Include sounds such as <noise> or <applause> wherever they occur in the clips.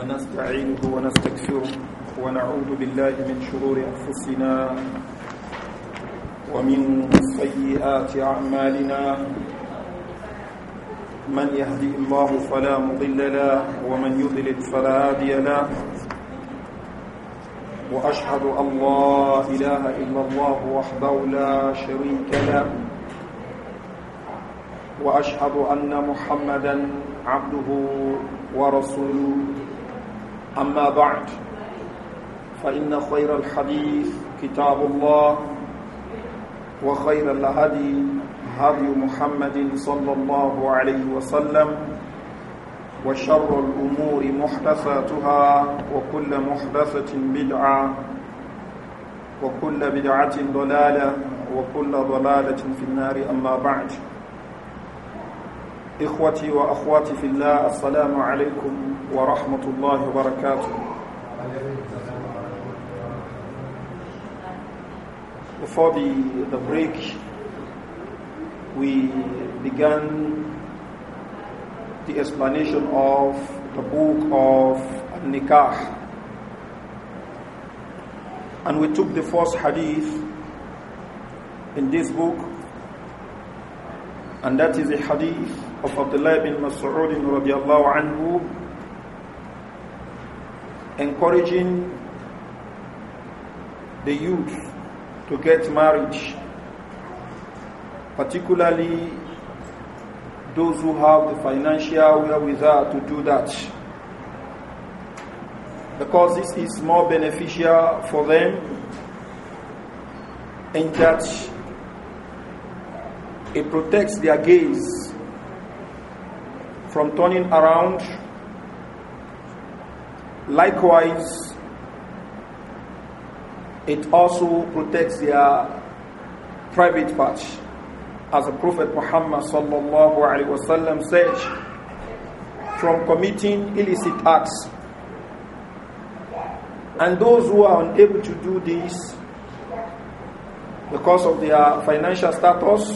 ونستعينه ونستكثره ونعوذ بالله من شرور أنفسنا ومن سيئات أعمالنا من يهدي الله فلا مضل له ومن يضلل فلا هادي له وأشهد أن لا إله إلا الله وحده لا شريك له وأشهد أن محمدا عبده ورسوله أما بعد فإن خير الحديث كتاب الله وخير الهدي هدي محمد صلى الله عليه وسلم وشر الأمور محدثاتها وكل محدثة بدعة وكل بدعة ضلالة وكل ضلالة في النار أما بعد إخوتي وأخواتي في الله السلام عليكم ورحمة الله وبركاته Before the, the break, we began the explanation of the book of Nikah. And we took the first hadith in this book, and that is the hadith of Abdullah bin Mas'ud radiallahu anhu encouraging the youth to get married, particularly those who have the financial wherewithal to do that. Because this is more beneficial for them in that it protects their gaze from turning around Likewise, it also protects their private parts. As the Prophet Muhammad sallallahu said, from committing illicit acts. And those who are unable to do this because of their financial status,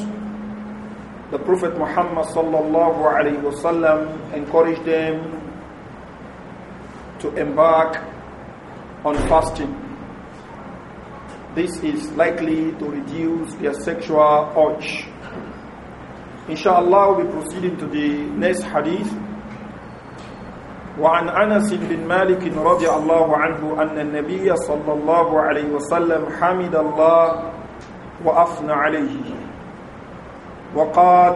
the Prophet Muhammad sallallahu encouraged them to embark on fasting. This is likely to reduce their sexual urge. Inshallah, we proceed to the next hadith. وعن أنس بن مالك رضي الله عنه أن النبي صلى الله عليه وسلم حمد الله وأثنى عليه وقال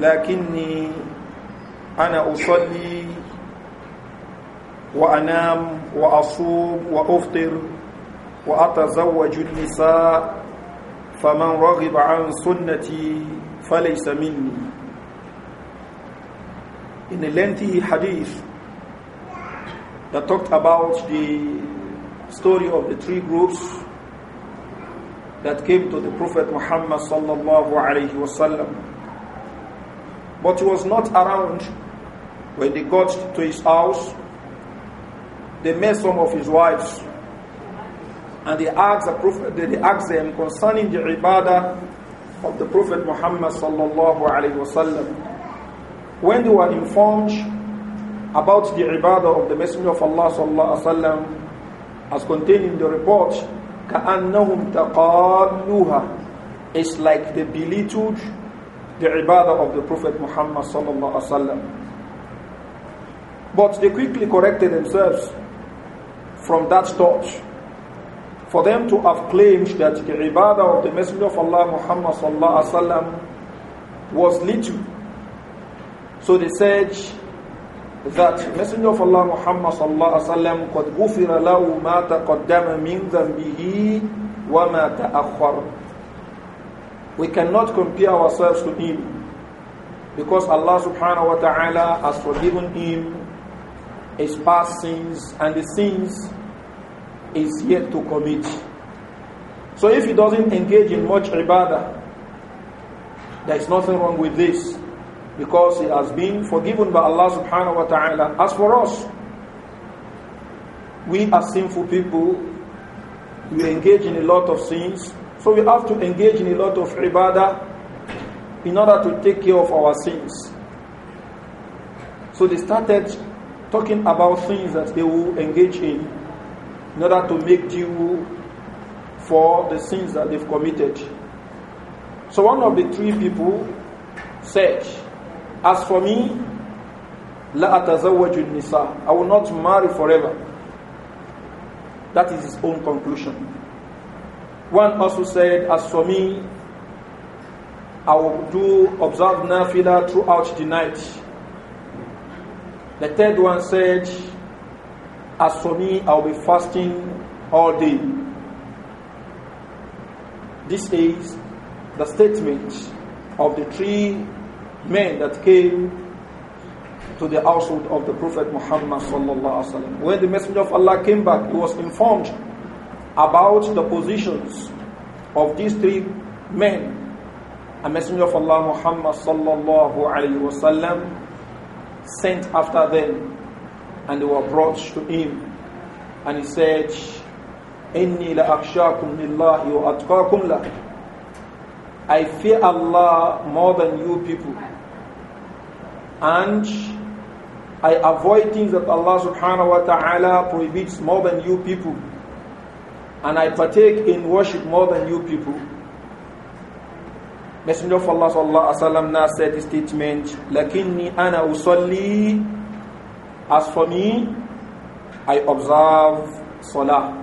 لكني أنا أصلي وأنام وأصوم وأفطر وأتزوج النساء فمن رغب عن سنتي فليس مني In a lengthy hadith that talked about the story of the three groups that came to the Prophet Muhammad sallallahu alaihi wasallam, but he was not around when they got to his house they met some of his wives and they asked the prophet they asked them concerning the ibadah of the prophet muhammad sallallahu alaihi wasallam when they were informed about the ibadah of the messenger of allah sallallahu alaihi wasallam as contained in the report كأنهم تقالوها it's like they belittled the ibadah of the prophet muhammad sallallahu alaihi wasallam but they quickly corrected themselves from that thought. For them to have claimed that the ibadah of the Messenger of Allah Muhammad sallallahu was little. So they said that Messenger of Allah Muhammad sallallahu قد غفر له ما تقدم من ذنبه وما تأخر. We cannot compare ourselves to him because Allah subhanahu wa ta'ala has forgiven him his past sins and the sins is yet to commit. So if he doesn't engage in much ibadah, there is nothing wrong with this because he has been forgiven by Allah subhanahu wa ta'ala. As for us, we are sinful people, we engage in a lot of sins, so we have to engage in a lot of ibadah in order to take care of our sins. So they started talking about things that they will engage in in order to make due for the sins that they've committed. So one of the three people said, As for me, La atazawwaju nisa. I will not marry forever. That is his own conclusion. One also said, As for me, I will do observe nafila throughout the night. The third one said, as for me, I'll be fasting all day. This is the statement of the three men that came to the household of the Prophet Muhammad. When the Messenger of Allah came back, he was informed about the positions of these three men. A Messenger of Allah Muhammad sallallahu wasallam sent after them and they were brought to him. And he said, إِنِّي لَأَخْشَاكُمْ لِلَّهِ وَأَتْقَاكُمْ لَهِ I fear Allah more than you people. And I avoid things that Allah subhanahu wa ta'ala prohibits more than you people. And I partake in worship more than you people. Messenger of Allah sallallahu alaihi wasallam now said this statement, لَكِنِّي أَنَا أُصَلِّي as for me, I observe Salah.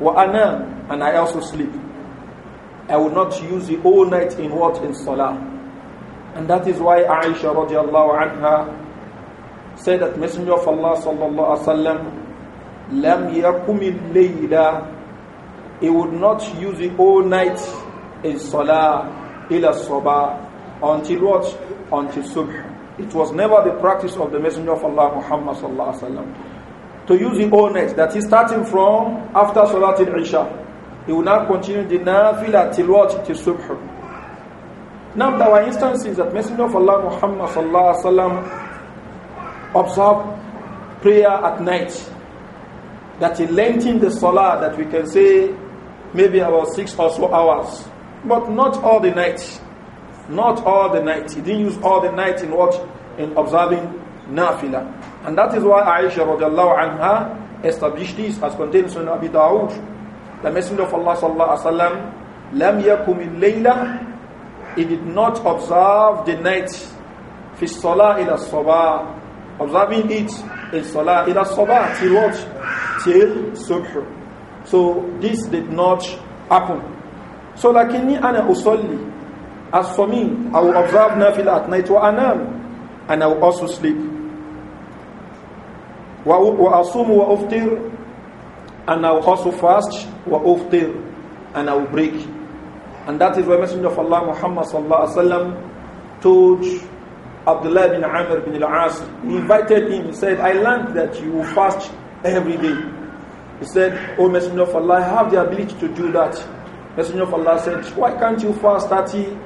Wa anam, and I also sleep. I will not use the whole night in what? In Salah. And that is why Aisha radiallahu anha said that Messenger of Allah sallallahu alaihi wasallam lam yakumi layla he would not use the whole night in salah ila sabah until what until subh it was never the practice of the Messenger of Allah Muhammad sallallahu alaihi wasallam to use the own That he starting from after Salat al-Isha. He will not continue the nafila till what? Till subh. Now there were instances that Messenger of Allah Muhammad sallallahu alaihi wasallam observed prayer at night. That he lengthened the salah that we can say maybe about six or so hours, but not all the night. Not all the night. He didn't use all the night in what? In observing nafila. And that is why Aisha radiallahu anha established this as contained in Abi Dawud. The Messenger of Allah sallallahu alaihi wasallam lam yakum He did not observe the night. Fi salah ila sabah. Observing it in salah ila sabah till what? Till subh. So this did not happen. So lakini ana usalli as for me, I will observe nafila at night wa anam, and I will also sleep. Wa asum wa iftir, and I will also fast wa iftir, and I will break. And that is why Messenger of Allah Muhammad sallallahu alaihi wasallam told Abdullah bin Amr bin al-As, he invited him, he said, I learned that you fast every day. He said, O Messenger of Allah, I have the ability to do that. Messenger of Allah said, Why can't you fast 30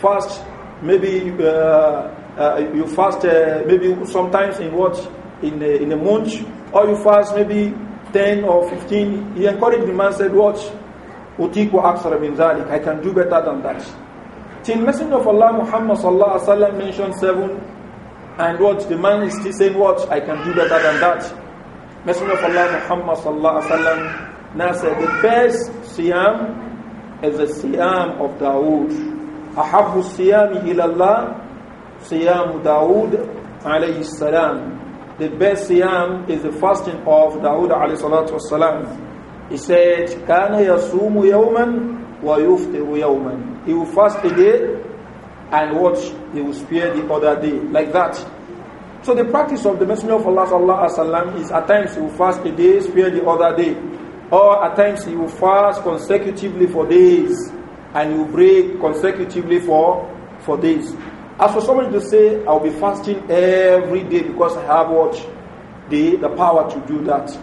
fast, maybe uh, uh you fast uh, maybe sometimes in what in a, uh, in a month, or you fast maybe 10 or 15. He encouraged the man, said, Watch, Utiku aksara min zalik. I can do better than that. Till Messenger of Allah Muhammad sallallahu alaihi wasallam mentioned seven, and what the man is still saying, "Watch, I can do better than that. Messenger of Allah Muhammad sallallahu alaihi wasallam now said, The best siyam is the siyam of Dawood. أحب الصيام إلى الله صيام Dawood alayhi salam. The best siyam is the fasting of Dawood alayhi salatu He said, كان يصوم يوما ويفطر يوما. He will fast a day and watch, he will spare the other day. Like that. So the practice of the Messenger of Allah sallallahu alayhi wasallam is at times he will fast a day, spare the other day. Or at times he will fast consecutively for days and you pray consecutively for for days. As for somebody to say, I'll be fasting every day because I have what the, the power to do that.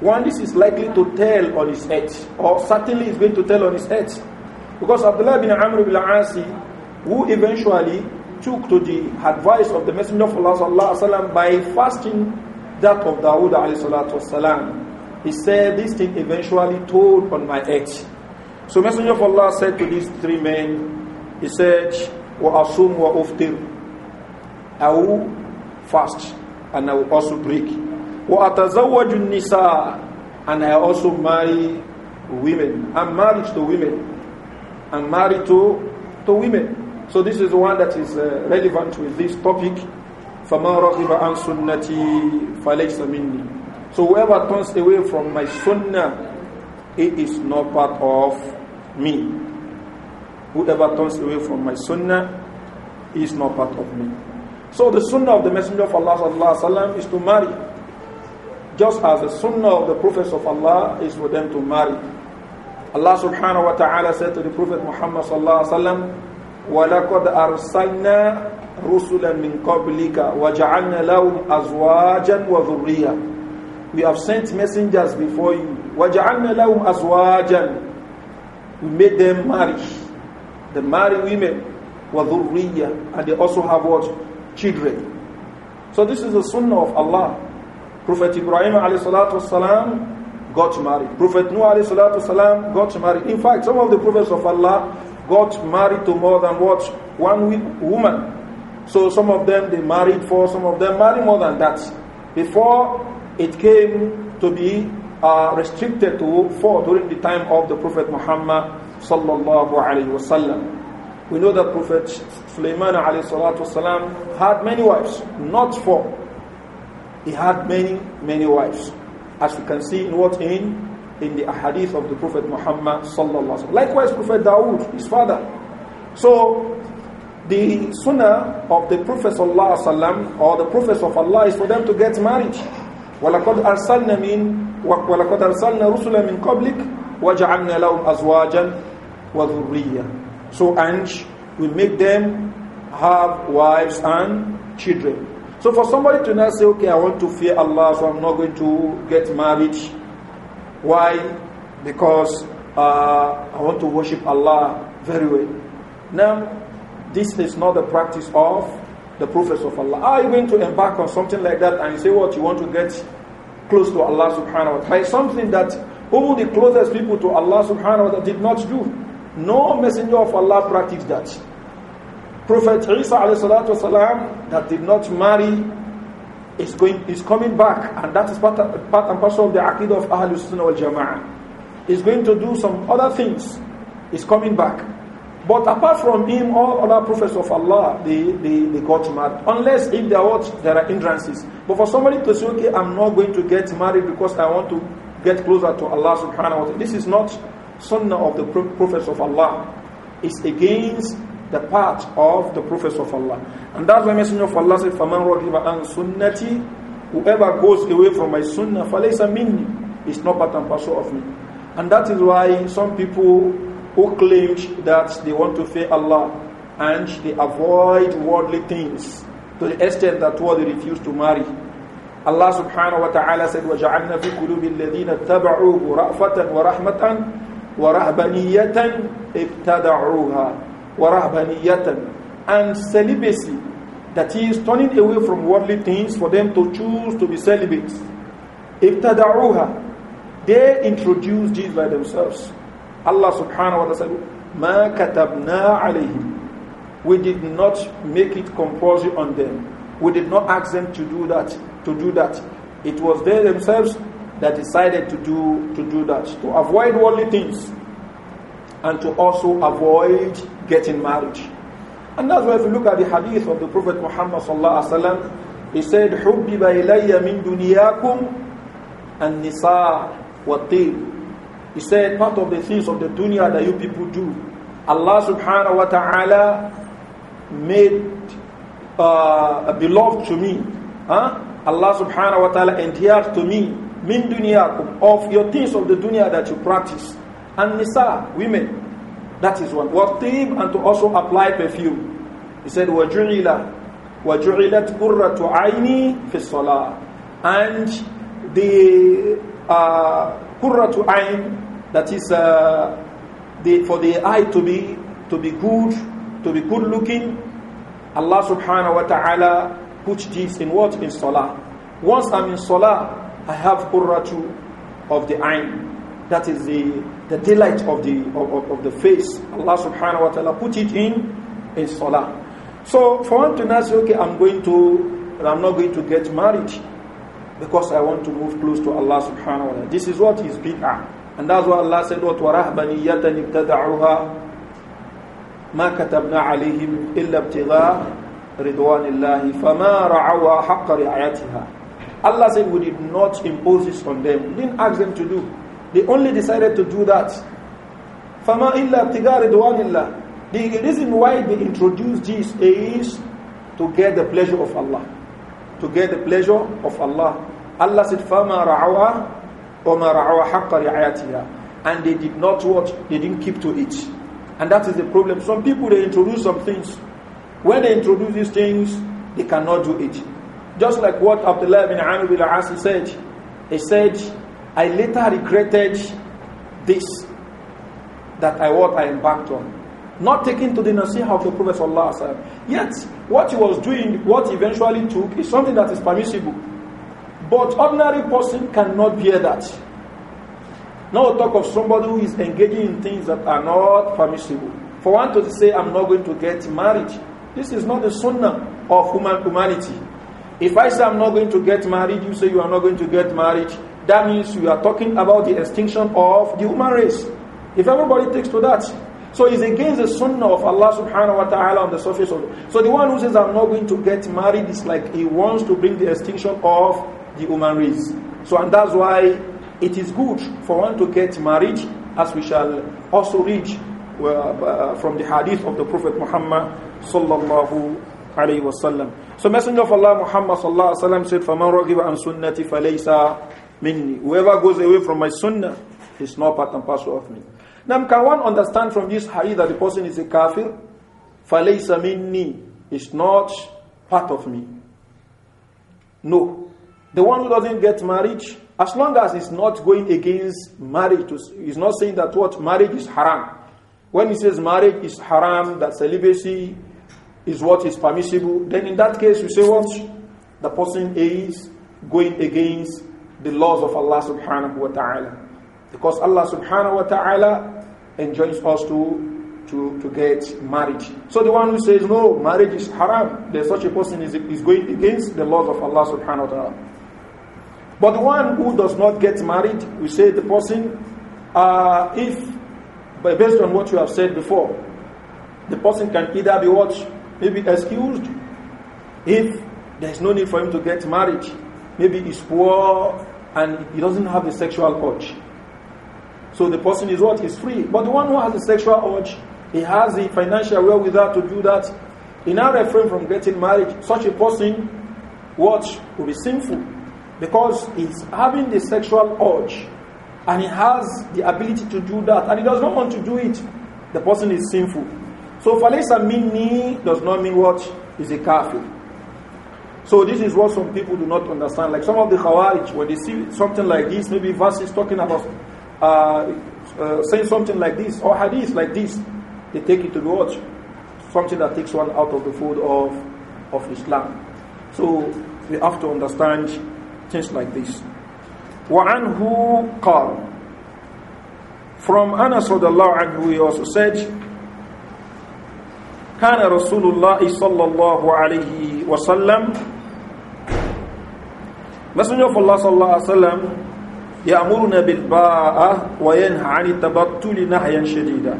One, this is likely to tell on his head, or certainly is going to tell on his head. Because Abdullah bin Amr bin Asi, who eventually took to the advice of the Messenger of Allah وسلم, by fasting that of Dawood, والسلام, he said, This thing eventually told on my head. So Messenger of Allah said to these three men, he said, وَأَصُومْ وَأُفْتِرْ I will fast and I will also break. وَأَتَزَوَّجُ النِّسَاء And I also marry women. I'm married to women. I'm married to, to women. So this is one that is uh, relevant with this topic. so whoever turns away from my sunnah, he is not part of me. Whoever turns away from my sunnah is not part of me. So the sunnah of the Messenger of Allah وسلم, is to marry. Just as the sunnah of the prophets of Allah is for them to marry. Allah subhanahu wa ta'ala said to the Prophet Muhammad sallallahu alayhi wa sallam, وَلَقَدْ أَرْسَلْنَا رُسُلًا مِنْ قَبْلِكَ وَجَعَلْنَا لَهُمْ أَزْوَاجًا وَذُرِّيَّةً We have sent messengers before you. وَجَعَلْنَا لَهُمْ أَزْوَاجًا we made them marry. They marry women, wadhurriya, and they also have what? Children. So this is the sunnah of Allah. Prophet Ibrahim والسلام, got married. Prophet Noah والسلام, got married. In fact, some of the prophets of Allah got married to more than what? One woman. So some of them they married four, some of them married more than that. Before it came to be uh, restricted to four during the time of the Prophet Muhammad sallallahu alaihi wasallam. We know that Prophet Sulaiman alayhi wasalam had many wives, not four. He had many, many wives, as we can see in what in in the hadith of the Prophet Muhammad sallallahu alaihi wasallam. Likewise, Prophet Dawood, his father. So the sunnah of the Prophet sallallahu alaihi wasallam or the prophets of Allah is for them to get married. وَلَقَدْ أَرْسَلْنَا رُسُلًا مِنْ قَبْلِكَ وَجَعَلْنَا لَهُمْ أَزْوَاجًا وَذُرِّيَّةً So, and we make them have wives and children. So for somebody to now say, okay, I want to fear Allah, so I'm not going to get married. Why? Because uh, I want to worship Allah very well. Now, this is not the practice of the prophets of Allah. Are you going to embark on something like that and you say what you want to get close to Allah subhanahu wa ta'ala. Something that all the closest people to Allah subhanahu wa ta'ala did not do. No messenger of Allah practiced that. Prophet Isa that did not marry is going is coming back, and that is part, of, part and parcel of the aqidah of Ahlul Sunnah wal Jama'ah. He's going to do some other things, is coming back. But apart from him, all other prophets of Allah, they, they, they got married. Unless if they are, what, there are hindrances. But for somebody to say, okay, I'm not going to get married because I want to get closer to Allah subhanahu wa ta'ala. This is not sunnah of the prophets of Allah. It's against the path of the prophets of Allah. And that's why Messenger of Allah said, فَمَنْ رَغِبَ عَنْ sunnati, Whoever goes away from my sunnah, فَلَيْسَ مِنِّي It's not part and parcel of me. And that is why some people who claimed that they want to fear Allah and they avoid worldly things to the extent that what they refuse to marry. Allah subhanahu wa ta'ala said, وَجَعَلْنَا فِي قُلُوبِ الَّذِينَ اتَّبَعُوهُ رَأْفَةً وَرَحْمَةً وَرَهْبَنِيَّةً ابْتَدَعُوهَا وَرَهْبَنِيَّةً And celibacy, that is turning away from worldly things for them to choose to be celibates. ابْتَدَعُوهَا They introduced this by themselves. Allah subhanahu wa ta'ala Ma katabna alayhim. We did not make it compulsory on them. We did not ask them to do that, to do that. It was they themselves that decided to do to do that, to avoid worldly things and to also avoid getting married. And that's why if you look at the hadith of the Prophet Muhammad he said, "Hubbi ilayya min dunyakum an-nisa wa tib." He said, part of the things of the dunya that you people do, Allah subhanahu wa ta'ala made uh, beloved to me. Huh? Allah subhanahu wa ta'ala endeared to me, min dunya of your things of the dunya that you practice. And nisa, women. That is one. Wattib, and to also apply perfume. He said, wajurila وَجُعِلَتْ قُرَّةُ aini فِي الصَّلَاةِ And the uh, qurratu ayn that is uh, the, for the eye to be to be good to be good looking Allah subhanahu wa ta'ala puts this in what in salah once I'm in salah I have qurratu of the ayn that is the the delight of the of, of, of the face Allah subhanahu wa ta'ala put it in in salah so for one to say okay I'm going to I'm not going to get married because I want to move close to Allah subhanahu wa ta'ala. This is what is bid'ah. And that's why Allah said, What وَرَهْبَنِيَّةً ابْتَدَعُهَا "Ma katabna عَلَيْهِمْ إِلَّا ابْتِغَاءَ رِضْوَانِ اللَّهِ فَمَا رَعَوَا حَقَّ رِعَايَتِهَا Allah said, We did not impose this on them. We didn't ask them to do. They only decided to do that. فَمَا إِلَّا ابْتِغَاءَ رِضْوَانِ اللَّهِ The reason why they introduced this is to get the pleasure of Allah to get the pleasure of Allah. Allah said, "Fama رَعَوَا وَمَا رَعَوَا حَقَّ رِعَيَتِهَا And they did not watch, they didn't keep to it. And that is the problem. Some people, they introduce some things. When they introduce these things, they cannot do it. Just like what Abdullah bin Amr bin Asi said. He said, I later regretted this that I what I embarked on. Not taking to the nasihah of the Prophet taala. Yet, what he was doing, what eventually took, is something that is permissible. But ordinary person cannot bear that. Now talk of somebody who is engaging in things that are not permissible. For one to say, I'm not going to get married, this is not the sunnah of human humanity. If I say I'm not going to get married, you say you are not going to get married, that means you are talking about the extinction of the human race. If everybody takes to that, so it's against the sunnah of Allah subhanahu wa ta'ala on the surface of it. So the one who says, I'm not going to get married, is like he wants to bring the extinction of the human race. So, and that's why it is good for one to get married, as we shall also read uh, uh from the hadith of the Prophet Muhammad sallallahu alayhi wasallam. So Messenger of Allah Muhammad sallallahu alayhi wa sallam said, فَمَنْ رَغِبَ عَنْ Whoever goes away from my sunnah is not part and parcel of me. Now, can one understand from this hadith that the person is a kafir? فَلَيْسَ مِنِّي is not part of me. No. The one who doesn't get married, as long as he's not going against marriage, he's not saying that what marriage is haram. When he says marriage is haram, that celibacy is what is permissible, then in that case you say what? The person is going against the laws of Allah subhanahu wa ta'ala. Because Allah subhanahu wa ta'ala enjoins us to, to, to get married. So the one who says, no, marriage is haram, then such a person is, is going against the laws of Allah subhanahu wa ta'ala. But the one who does not get married, we say the person, uh, if based on what you have said before, the person can either be what, maybe excused, if there is no need for him to get married, maybe he's poor and he doesn't have a sexual urge. So the person is what? Is free. But the one who has a sexual urge, he has the financial wherewithal to do that. He now refrain from getting married. Such a person, what? Will be sinful. Because he's having the sexual urge. And he has the ability to do that. And he does not want to do it. The person is sinful. So falesa me does not mean what? Is a kafir. So this is what some people do not understand. Like some of the Khawarij, when they see something like this, maybe verses talking about uh, uh, saying something like this or hadith like this, they take it to the watch. Something that takes one out of the fold of, of Islam. So we have to understand things like this. وَعَنْهُ قَالَ From Anas radiallahu anhu, he also said, كان رسول الله صلى الله عليه وسلم Messenger of Allah صلى الله عليه وسلم يأمرنا بالباء وينهى عن التبطل نهيا شديدا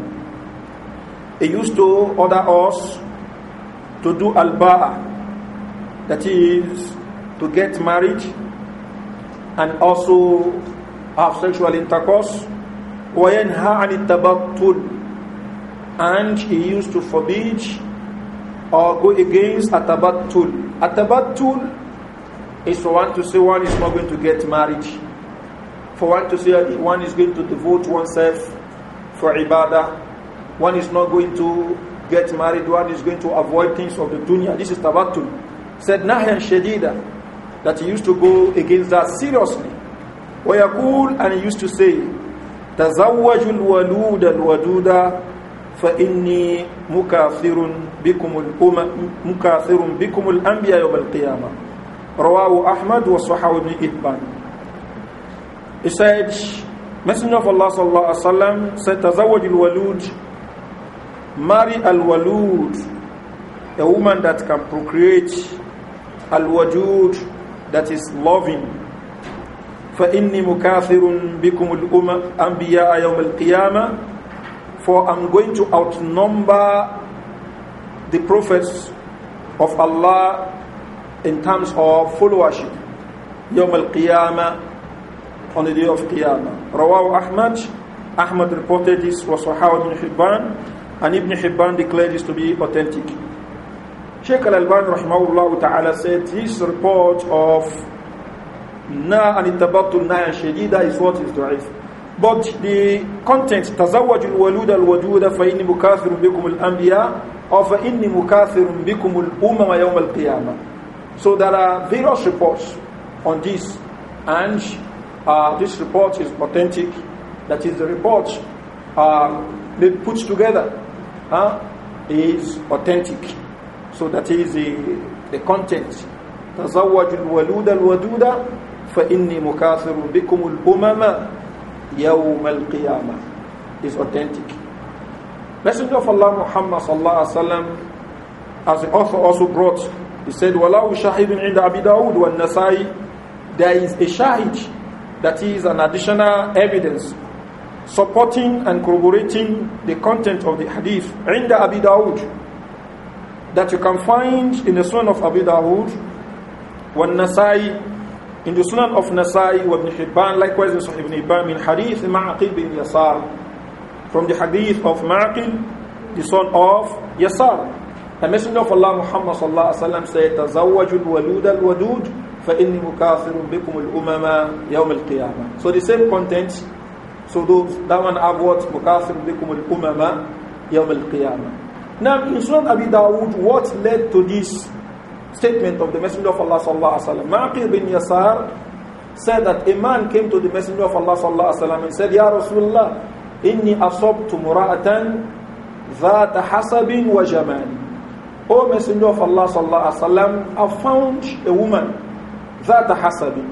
He used to order us to do al-ba'a, is, to get married and also have sexual intercourse. وَيَنْهَا عَنِ التَّبَطُّلِ And he used to forbid or go against atabattul. Atabattul is for one to say one is not going to get married for one to say one is going to devote oneself for ibadah, one is not going to get married, one is going to avoid things of the dunya. This is Tabatul. Said Nahyan Shadida that he used to go against that seriously. ويقول and he used to say تزوج الولود الودود فإني مكاثر بكم الأمم مكاثر بكم الأنبياء يوم القيامة رواه أحمد وصححه ابن إبان he said, Messenger of Allah sallallahu alaihi wasallam said, "Tazawwaj al-walud, marry al-walud, a woman that can procreate, al-wajud, that is loving." فإني مكاثر بكم الأنبياء يوم القيامة For I'm going to outnumber the prophets of Allah in terms of followership. يوم القيامة on the day of Qiyamah. Rawahu Ahmad, Ahmad reported this was Sahawat ibn Hibban, and Ibn Hibban declared this to be authentic. Sheikh Al-Albani rahimahullah ta'ala said this report of Na and Tabattul Naya Shadida is what is da'if. But the content, تزوج الولود الوجود فإني مكاثر بكم الأنبياء أو فإني مكاثر بكم الأمم يوم القيامة. So there are various reports on this and uh, this report is authentic. That is the report uh, they put together uh, is authentic. So that is the, the content. تزوج الولود الودود فإني مكاثر بكم الأمم يوم القيامة is authentic. Messenger of Allah Muhammad صلى الله عليه وسلم, as the author also brought he said وَلَوْ شَاهِدٍ عِنْدَ أَبِي دَاوُدْ وَالنَّسَائِ There is a shahid that is an additional evidence supporting and corroborating the content of the hadith. the Abi Dawud. That you can find in the Sunan of Abi Dawud, when Nasai, in the Sunan of Nasai, wa Ibn Hibban, likewise in Sahih Ibn Hibban, min hadith Maqil bin Yasar. From the hadith of Maqil, the son of Yasar. The Messenger of Allah Muhammad said, تزوجوا al Wadud." فَإِنِّي مُكَافِرٌ بِكُمُ الْأُمَمَ يَوْمَ الْقِيَامَةِ So the same content, so those, that one have what? مُكَافِرٌ بِكُمُ الْأُمَمَ يَوْمَ الْقِيَامَةِ Now in Surah Abi Dawood, what led to this statement of the Messenger of Allah sallallahu alaihi wasallam? Ma'qir bin Yasar said that a man came to the Messenger of Allah sallallahu alaihi wasallam and said, Ya Rasulullah, إِنِّي أَصَبْتُ مُرَأَةً ذَاتَ حَسَبٍ وَجَمَالٍ O Messenger of Allah sallallahu alaihi wasallam, I found a woman That hasabi.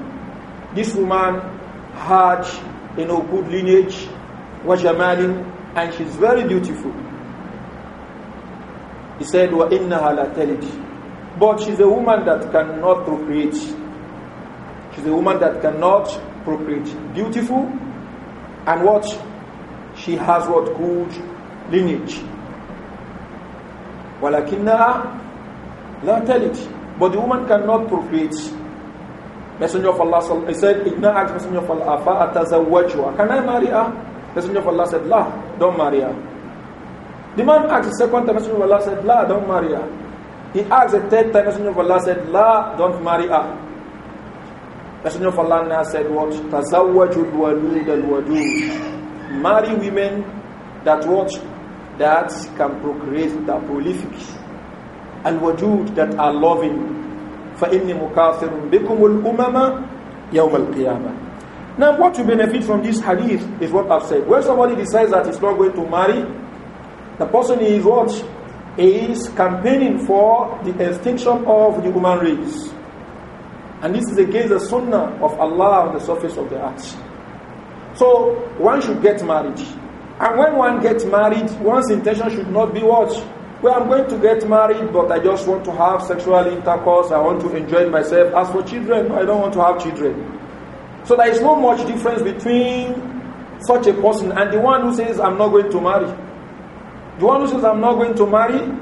This woman had, you know, good lineage, jamalin, and she's very beautiful. He said, wa innaha latalid. But she's a woman that cannot procreate. She's a woman that cannot procreate. Beautiful, and what? She has what good lineage. ولكنها لا تلد but the woman cannot procreate Messenger of Allah he said, Ibna asked Messenger of Allah, Fa'atazawwajwa. Can I marry her? Messenger of Allah said, La, don't marry her. The man asked the second time, Messenger of Allah said, La, don't marry her. He asked the third time, Messenger of Allah said, La, don't marry her. Messenger of Allah now said, What? Tazawwajul walud al wadud. Marry women that what? That can procreate, that are prolific. Al wadud, that are loving فَإِنِّي مُكَاثِرٌ بِكُمُ الْأُمَمَ يَوْمَ الْقِيَامَةِ Now what you benefit from this hadith is what I've said. When somebody decides that he's not going to marry, the person is what? Is campaigning for the extinction of the human race. And this is against the sunnah of Allah on the surface of the earth. So one should get married. And when one gets married, one's intention should not be what? Well, I'm going to get married, but I just want to have sexual intercourse. I want to enjoy myself. As for children, I don't want to have children. So there is not much difference between such a person and the one who says, I'm not going to marry. The one who says, I'm not going to marry,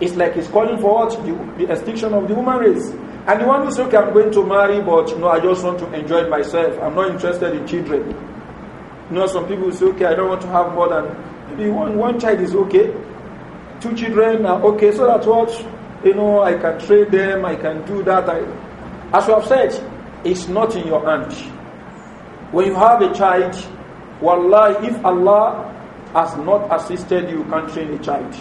it's like he's calling for what? The, the extinction of the human race. And the one who says, okay, I'm going to marry, but you no, know, I just want to enjoy myself. I'm not interested in children. You know, some people say, okay, I don't want to have more than maybe one, one child is okay two children are uh, okay, so that's what, you know, I can trade them, I can do that. I, as you have said, it's not in your hands. When you have a child, wallahi, if Allah has not assisted you, you can't train a child.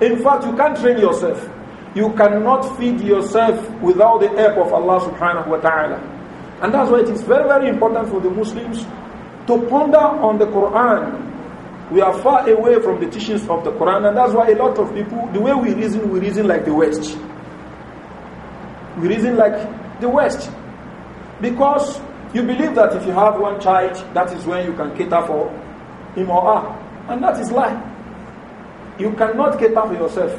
In fact, you can't train yourself. You cannot feed yourself without the help of Allah subhanahu wa ta'ala. And that's why it is very, very important for the Muslims to ponder on the Quran we are far away from the teachings of the Quran, and that's why a lot of people, the way we reason, we reason like the West. We reason like the West. Because you believe that if you have one child, that is when you can cater for him or her. And that is lie. You cannot cater for yourself.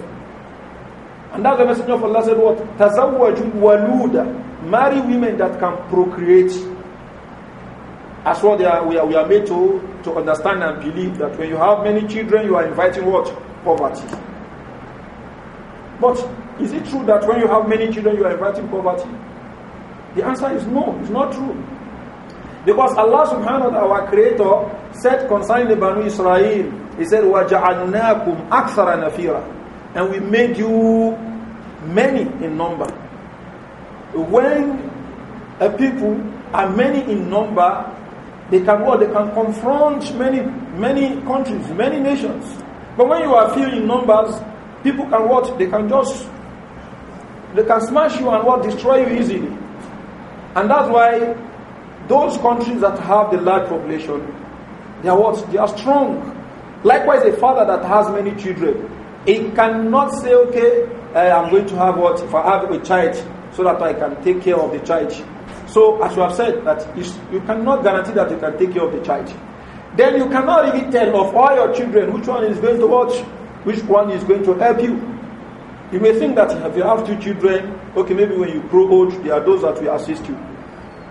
And that's the message of Allah said what? Tazawwaju waluda. Marry women that can procreate. As what well, we, are, we are made to, to understand and believe that when you have many children, you are inviting what? Poverty. But is it true that when you have many children, you are inviting poverty? The answer is no, it's not true. Because Allah subhanahu wa ta'ala, our creator, said concerning the Banu Israel, He said, وَجَعَلْنَاكُمْ أَكْثَرَ نَفِيرًا And we made you many in number. When a people are many in number, they can what? They can confront many, many countries, many nations. But when you are few in numbers, people can what? They can just, they can smash you and what? Destroy you easily. And that's why those countries that have the large population, they are what? They are strong. Likewise, a father that has many children, he cannot say, okay, I'm going to have what? If I have a child, so that I can take care of the child. So, as you have said, that you cannot guarantee that you can take care of the child. Then you cannot even tell of all your children which one is going to watch, which one is going to help you. You may think that if you have two children, okay, maybe when you grow old, there are those that will assist you.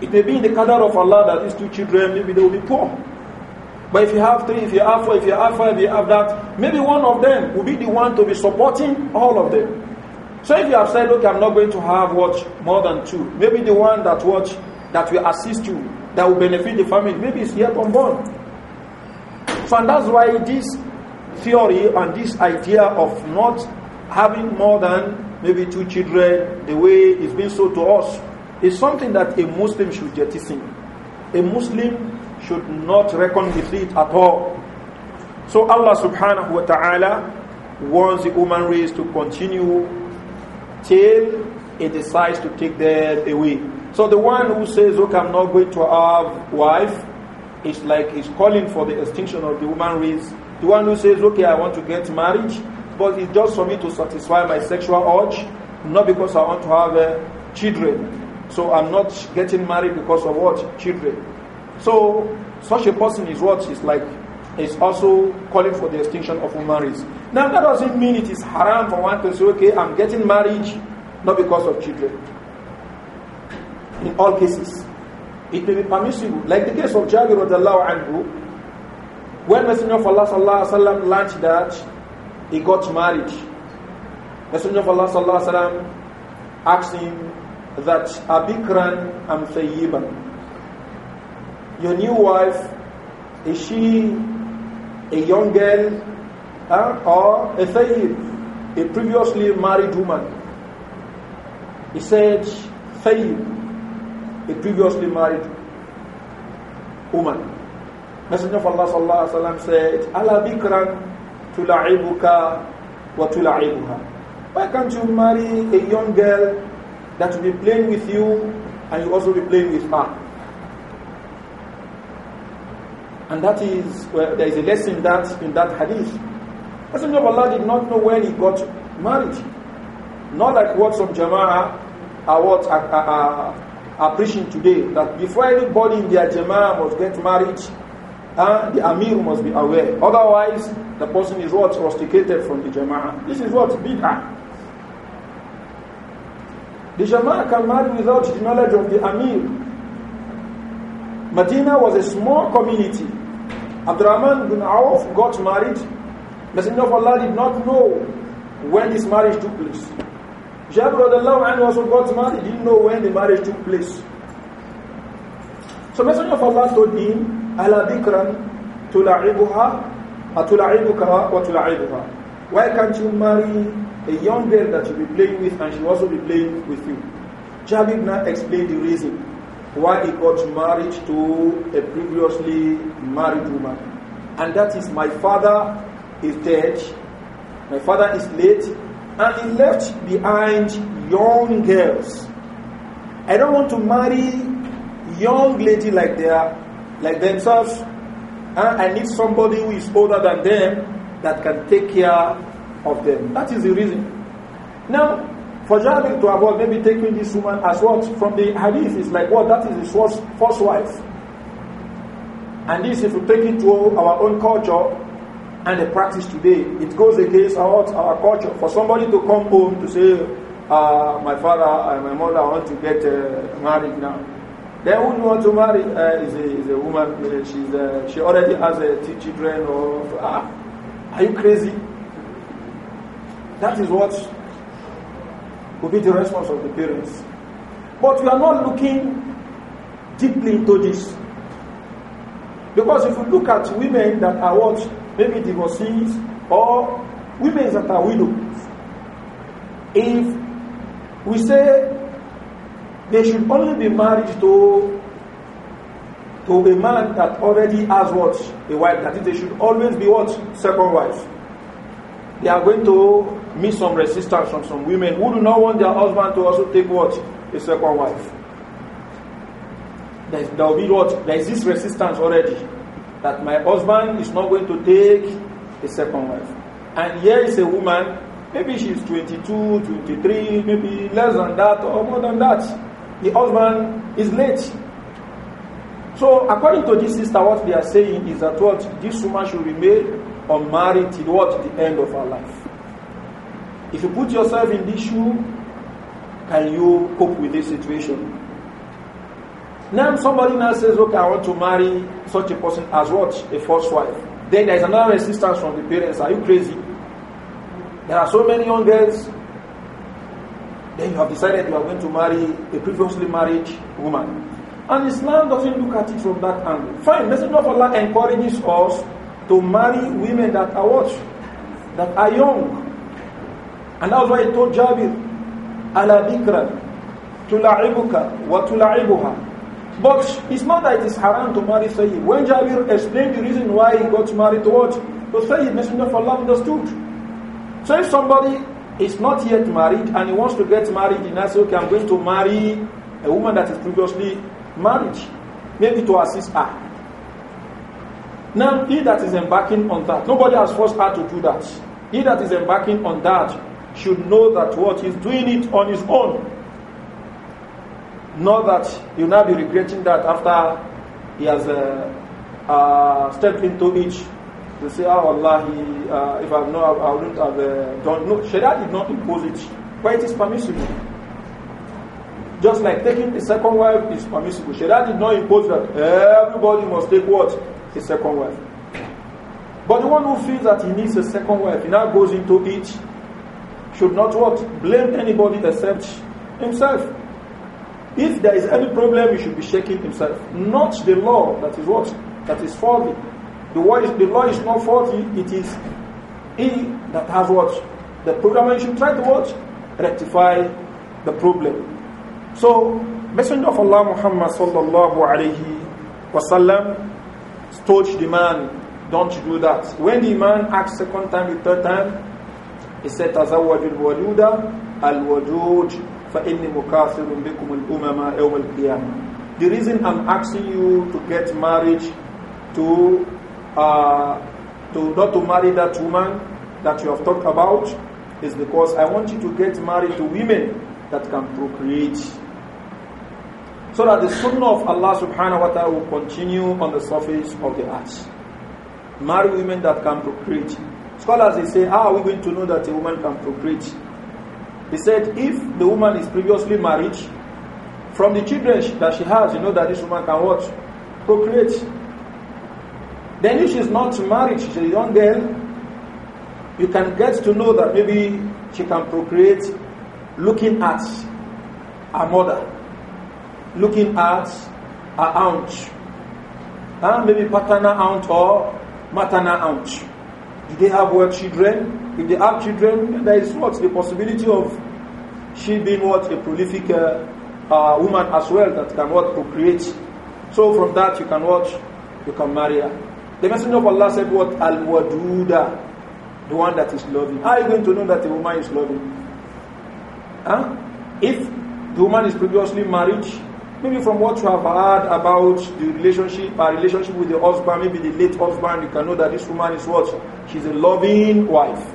It may be in the qadar of Allah that these two children, maybe they will be poor. But if you have three, if you have four, if you have five, if you have that, maybe one of them will be the one to be supporting all of them. So if you have said, look, I'm not going to have watch more than two, maybe the one that watch that will assist you, that will benefit the family, maybe it's yet unborn. So and that's why this theory and this idea of not having more than maybe two children, the way it's been to us, is something that a Muslim should jettison. A Muslim should not reckon with it at all. So Allah subhanahu wa ta'ala wants the human race to continue till he decides to take them away. So the one who says, Look, I'm not going to have wife, it's like he's calling for the extinction of the human race. The one who says, Okay, I want to get married, but it's just for me to satisfy my sexual urge, not because I want to have uh, children. So I'm not getting married because of what? Children. So such a person is what? Is like is also calling for the extinction of human Now that doesn't mean it is haram for one to say, okay, I'm getting married not because of children. In all cases, it may be permissible. Like the case of Jabir radiallahu anhu, when Messenger of Allah sallallahu alaihi wasallam learned that he got married, Messenger of Allah sallallahu alaihi wasallam asked him that Abikran am Thayyiban. Your new wife, is she a young girl uh, or a thayyib, a previously married woman. He said, thayyib, a previously married woman. Messenger of Allah sallallahu alaihi wasallam said, "Ala bikran tula'ibuka wa tula'ibuha." Why can't you marry a young girl that will be playing with you and you also be playing with her? And that is, well, there is a lesson in that in that hadith. Messenger of Allah did not know when he got married. Not like what some jama'ah are, what are, are, are, preaching today, that before anybody in their jama'ah must get married, uh, the amir must be aware. Otherwise, the person is what? Rusticated from the jama'ah. This is what? Bid'ah. The jama'ah can marry without the knowledge of the amir. Medina was a small community. Abdurrahman bin Auf got married. Messenger of Allah did not know when this marriage took place. Jabir anhu also got married, didn't know when the marriage took place. So Messenger of Allah told him, Ala bikran tula'ibuha, atula'ibuka wa tula'ibuha. Why can't you marry a young girl that you'll be playing with and she'll also be playing with you? Jabir explained the reason why he got married to a previously married woman. And that is my father is dead, my father is late, and he left behind young girls. I don't want to marry young lady like they are, like themselves. And I need somebody who is older than them that can take care of them. That is the reason. Now, for Fajr to avoid maybe taking this woman as what from the hadith is like what that is his first, first wife. And this, if we take it to our own culture and the practice today, it goes against our, our culture. For somebody to come home to say, uh, my father and my mother want to get uh, married now. They wouldn't want to marry uh, is, a, is a woman. Uh, she's uh, she already has uh, two children. Or ah, are you crazy? That is what will be the response of the parents. But we are not looking deeply into this. Because if you look at women that are what, maybe divorcees or women that are widows, if we say they should only be married to to a man that already has what a wife, that is, they should always be what second wife they are going to meet some resistance from some women who do not want their husband to also take what? A second wife. There's, there will be what? There is this resistance already that my husband is not going to take a second wife. And here is a woman, maybe she's 22, 23, maybe less than that or more than that. The husband is late. So, according to this sister, what they are saying is that what this woman should remain unmarried till what? The end of our life. If you put yourself in this shoe, can you cope with this situation? Now somebody now says, okay, I want to marry such a person as what? A first wife. Then there's another resistance from the parents. Are you crazy? There are so many young girls. Then you have decided you are going to marry a previously married woman. And Islam doesn't look at it from that angle. Fine, Messenger of Allah encourages us to marry women that are what? That are young. And that's why he told Jabir, Ala bikra, tula'ibuka wa tula'ibuha. But it's not that it is haram to marry Sayyid. When Jabir explained the reason why he got married to what? To Sayyid, Messenger of Allah understood. So if somebody is not yet married and he wants to get married, he now says, okay, I'm going to marry a woman that is previously married, maybe to assist her. Now, he that is embarking on that, nobody has forced her to do that. He that is embarking on that should know that what he's doing it on his own. Not that you'll now be regretting that after he has uh, uh, stepped into it. They say, oh ah, Allah, he, uh, if I know, I, wouldn't have uh, done. No, Sharia did not impose it, but it is permissible. Just like taking a second wife is permissible. Sharia did not impose that everybody must take what? a second wife. But the one who feels that he needs a second wife, he now goes into it, should not what? Blame anybody except himself. If there is any problem, he should be shaking himself, not the law that is what? That is faulty. The law is, the law is not faulty, it is he that has what? The programmer should try to what? Rectify the problem. So, Messenger of Allah Muhammad sallallahu alayhi wa sallam touch the man, don't do that. When the man the second time, the third time, he said, تزوج الولود الوجود فإني مكاثر بكم الأمم يوم القيامة. The reason I'm asking you to get married to, uh, to not to marry that woman that you have talked about is because I want you to get married to women that can procreate. So that the sunnah of Allah subhanahu wa ta'ala will continue on the surface of the earth. Marry women that can procreate. Scholars they say, How ah, are we going to know that a woman can procreate? He said, if the woman is previously married, from the children that she has, you know that this woman can what? Procreate. Then if she's not married, she's a young girl, you can get to know that maybe she can procreate looking at her mother looking at an aunt. Huh? Maybe paternal aunt or maternal aunt. Do they have what children? If they have children, there is what? The possibility of she being what? A prolific uh, uh, woman as well that can what? Procreate. So from that you can watch, you can marry her. The Messenger of Allah said what? Al-Waduda. The one that is loving. How are you going to know that the woman is loving? Huh? If the woman is previously married, Maybe from what you have heard about the relationship, her relationship with the husband, maybe the late husband, you can know that this woman is what? She's a loving wife.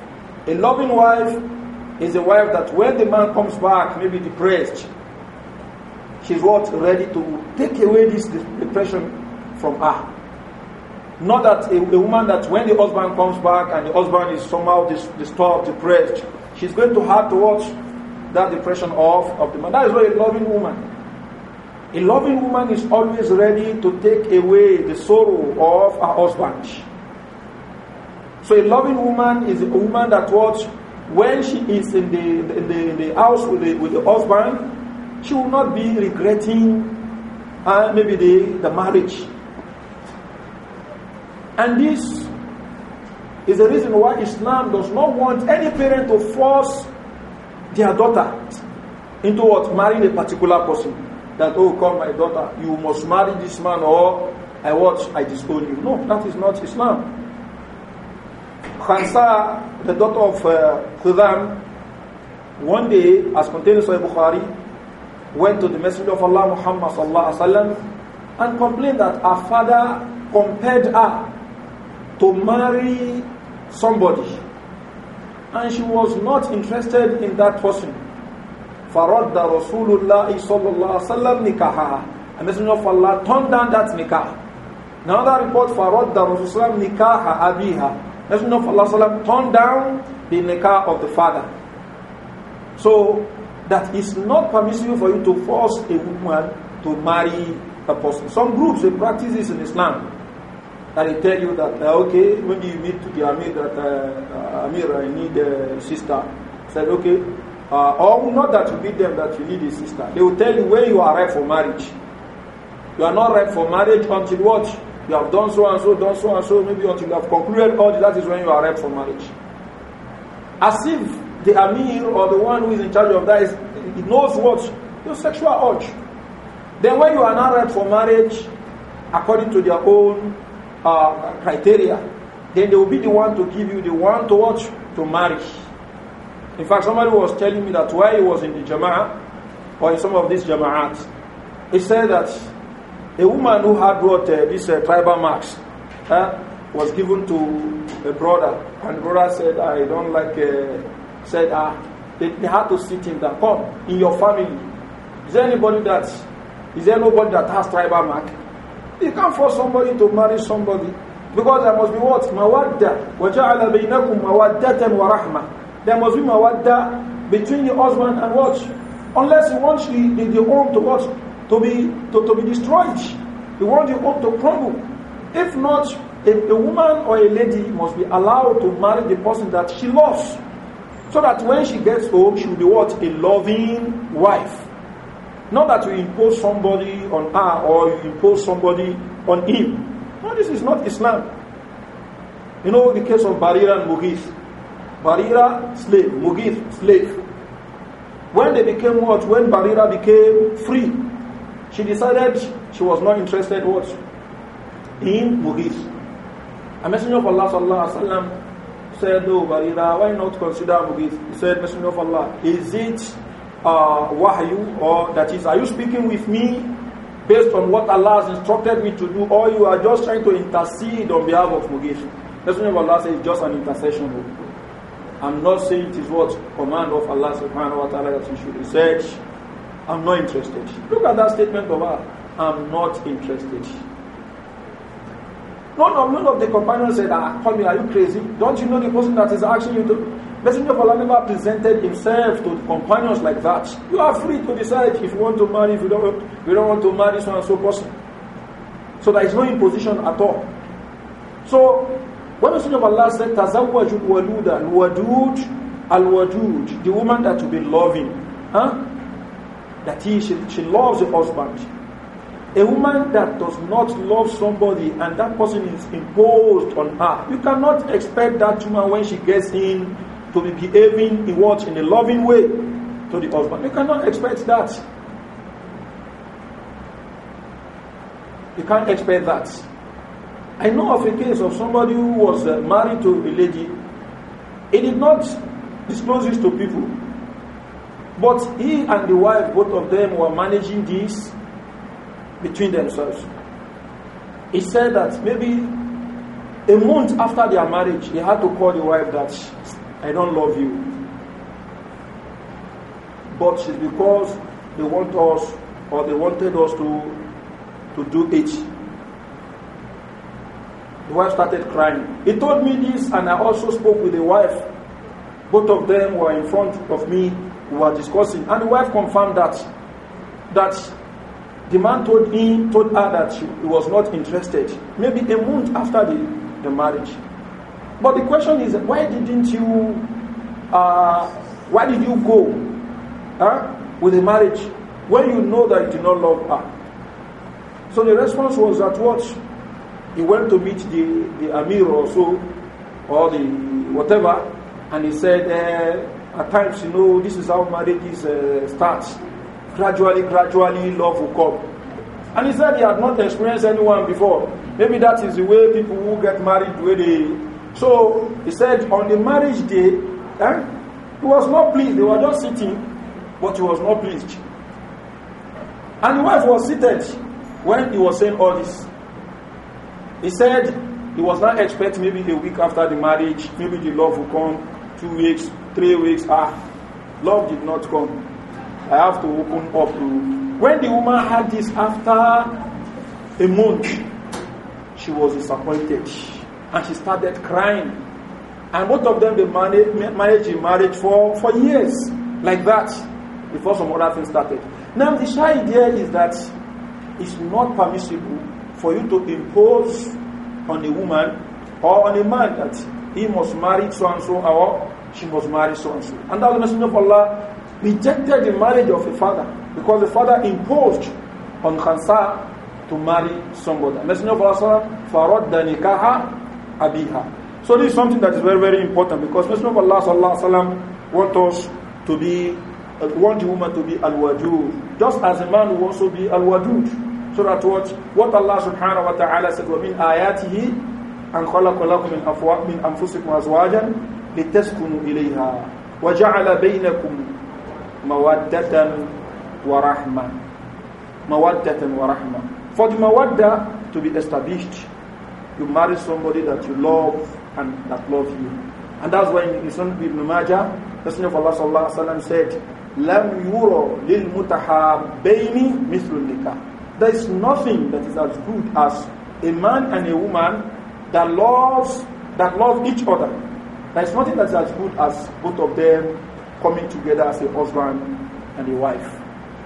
A loving wife is a wife that when the man comes back, maybe depressed, she's what? Ready to take away this depression from her. Not that a, a, woman that when the husband comes back and the husband is somehow dis, disturbed, depressed, she's going to have to watch that depression off of the man. That is what a loving woman. A loving woman is always ready to take away the sorrow of her husband. So a loving woman is a woman that what when she is in the, in the, in the house with the, with the husband, she will not be regretting uh, maybe the, the marriage. And this is the reason why Islam does not want any parent to force their daughter into what? Marrying a particular person that, oh, come, my daughter, you must marry this man or I watch, I disown you. No, that is not Islam. Khansa, the daughter of uh, Khudam, one day, as contained in Sahih Bukhari, went to the Messenger of Allah Muhammad sallallahu alaihi wasallam and complained that her father compared her to marry somebody, and she was not interested in that person. فَرَدَّ رَسُولُ اللَّهِ صَلَّى اللَّهُ وَسَلَّمْ نِكَاحَهَا A messenger of Allah turned down that nikah. Another report, فَرَدَّ رَسُولُ اللَّهِ نِكَاحَ أَبِيهَا Messenger of Allah turned down the nikah of the father. So, that is not permissible for you to force a woman to marry a person. Some groups, they practice this in Islam. And they tell you that, uh, okay, maybe you need to the Amir that, uh, uh, Amir, I need a sister. Said, okay, uh, or not that you beat them that you need a sister. They will tell you when you are ripe for marriage. You are not ripe for marriage until what? You have done so and so, done so and so, maybe until you have concluded all that is when you are ripe for marriage. As if the Amir or the one who is in charge of that is, he knows what? Your sexual urge. Then when you are not ripe for marriage, according to their own uh, criteria, then they will be the one to give you the one to watch to marry. In fact, somebody was telling me that while he was in the Jama'ah, or in some of these Jama'at, he said that a woman who had brought uh, this uh, tribal marks uh, was given to a brother, and brother said, I don't like, uh, said, ah, they, they had to sit in that. Come, in your family, is there anybody that, is there nobody that has tribal mark? You can't force somebody to marry somebody because there must be what? Mawadda. وَجَعَلَ بَيْنَكُمْ مَوَدَّةً وَرَحْمَةً there must be mawadda between the husband and what? Unless you want the, the, the home to what? To be, to, to be destroyed. You want the home to crumble. If not, a, a woman or a lady must be allowed to marry the person that she loves. So that when she gets home, she will be what? A loving wife. Not that you impose somebody on her or you impose somebody on him. No, this is not Islam. You know the case of Barira and Mughith. Barira, slave. Mughith, slave. When they became what? When Barira became free, she decided she was not interested what? In Mughith. A messenger of Allah sallallahu alaihi wasallam said, "No, Barira, why not consider Mughith?" He said, "Messenger of Allah, is it uh, wahyu, or that is, are you speaking with me based on what Allah has instructed me to do, or you are just trying to intercede on behalf of Mughith?" Messenger of Allah says, "Just an intercession." Oh. I'm not saying it is what command of Allah subhanahu wa ta'ala that you should research. I'm not interested. Look at that statement of her. I'm not interested. None of, none of the companions said, ah, call me, are you crazy? Don't you know the person that is asking you to? Messenger of Allah never presented himself to companions like that. You are free to decide if you want to marry, if you don't, you don't want to marry so and so person. So there is no imposition at all. So When Messenger of Allah said, Tazawwajul waluda, al-wadud, the woman that to be loving, huh? that he, she, she loves the husband. A woman that does not love somebody and that person is imposed on her, you cannot expect that woman when she gets in to be behaving in what in a loving way to the husband. You cannot expect that. You can't expect that. I know of a case of somebody who was uh, married to a lady. He did not disclose this to people, but he and the wife, both of them, were managing this between themselves. He said that maybe a month after their marriage, he had to call the wife that, I don't love you. But it's because they want us or they wanted us to, to do it. The wife started crying. He told me this, and I also spoke with the wife. Both of them were in front of me, we were discussing. And the wife confirmed that that the man told him, told her that she, he was not interested. Maybe a month after the, the marriage. But the question is, why didn't you, uh, why did you go huh, with the marriage when you know that you do not love her? So the response was that what? he went to meet the, the Amir or so, or the whatever, and he said, uh, at times, you know, this is how marriage is, uh, eh, starts. Gradually, gradually, love will come. And he said he had not experienced anyone before. Maybe that is the way people who get married, the way they... So he said on the marriage day, eh, he was not pleased. They were just sitting, but he was not pleased. And the wife was seated when he was saying all this. He said he was not expecting maybe a week after the marriage, maybe the love will come, two weeks, three weeks. Ah, love did not come. I have to open up When the woman had this after a month, she was disappointed and she started crying. And both of them, they managed, managed in marriage for, for years, like that, before some other things started. Now, the shy idea is that it's not permissible for you to impose on a woman or on a man that he must marry so and so or she must marry so and so. And that the Messenger of Allah rejected the marriage of a father because the father imposed on Khansa to marry somebody. Messenger of Allah farad abiha. So this is something that is very very important because Messenger of Allah sallallahu alaihi wasallam want us to be want the woman to be al-wajud just as a man will also be al-wajud. so that what, what Allah subhanahu wa ta'ala said, وَمِنْ آيَاتِهِ أَنْ خَلَقَ لَكُمْ مِنْ, أفوا... من أَنفُسِكُمْ أَزْوَاجًا لِتَسْكُنُوا إِلَيْهَا وَجَعَلَ بَيْنَكُمْ مَوَدَّةً وَرَحْمَةً مَوَدَّةً وَرَحْمَةً For the mawadda to be established, you marry somebody that you love and that love you. And that's why in Sunan Ibn Majah, the Messenger of Allah sallallahu alaihi wasallam said, لَمْ يُرَ لِلْمُتَحَابَيْنِ مِثْلُ النِّكَاحِ There is nothing that is as good as a man and a woman that loves that love each other. There is nothing that's as good as both of them coming together as a husband and a wife.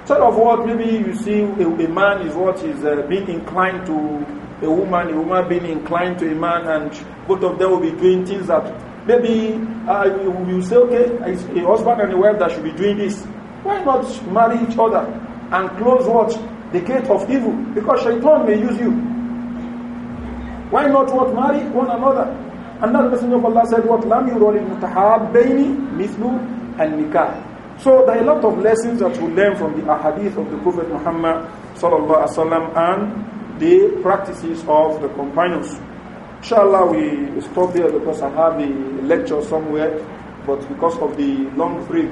Sort of what maybe you see a, a man is what is uh, being inclined to a woman, a woman being inclined to a man, and both of them will be doing things that maybe uh, you, you say, okay, it's a husband and a wife that should be doing this. Why not marry each other and close what the gate of evil because shaitan may use you. Why not what marry one another? And that Messenger of Allah said, What lam yurori mutahabbaini mithlu and nikah. So there are a lot of lessons that we learn from the ahadith of the Prophet Muhammad sallallahu alaihi wasallam and the practices of the companions. Inshallah, we stop there because I have a lecture somewhere, but because of the long break,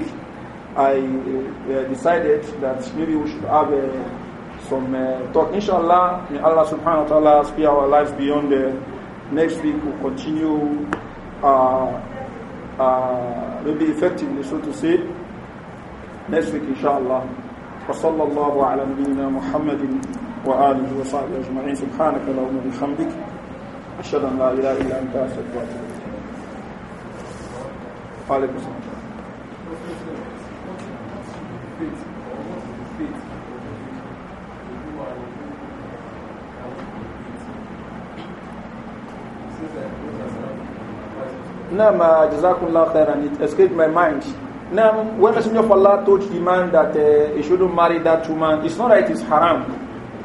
I uh, decided that maybe we should have a some uh, talk. Inshallah, may Allah subhanahu wa ta'ala spare our lives beyond the next week. We'll continue, uh, uh, maybe effectively, so to say, next week, inshallah. وصلى الله على نبينا محمد وآله وصحبه أجمعين سبحانك اللهم وبحمدك أشهد أن لا إله إلا أنت أستغفرك وأتوب إليك. وعليكم السلام. Naam, Jazakumullah khairan. It escaped my mind. Now, when Messenger of Allah told the man that uh, he shouldn't marry that woman, it's not that it is haram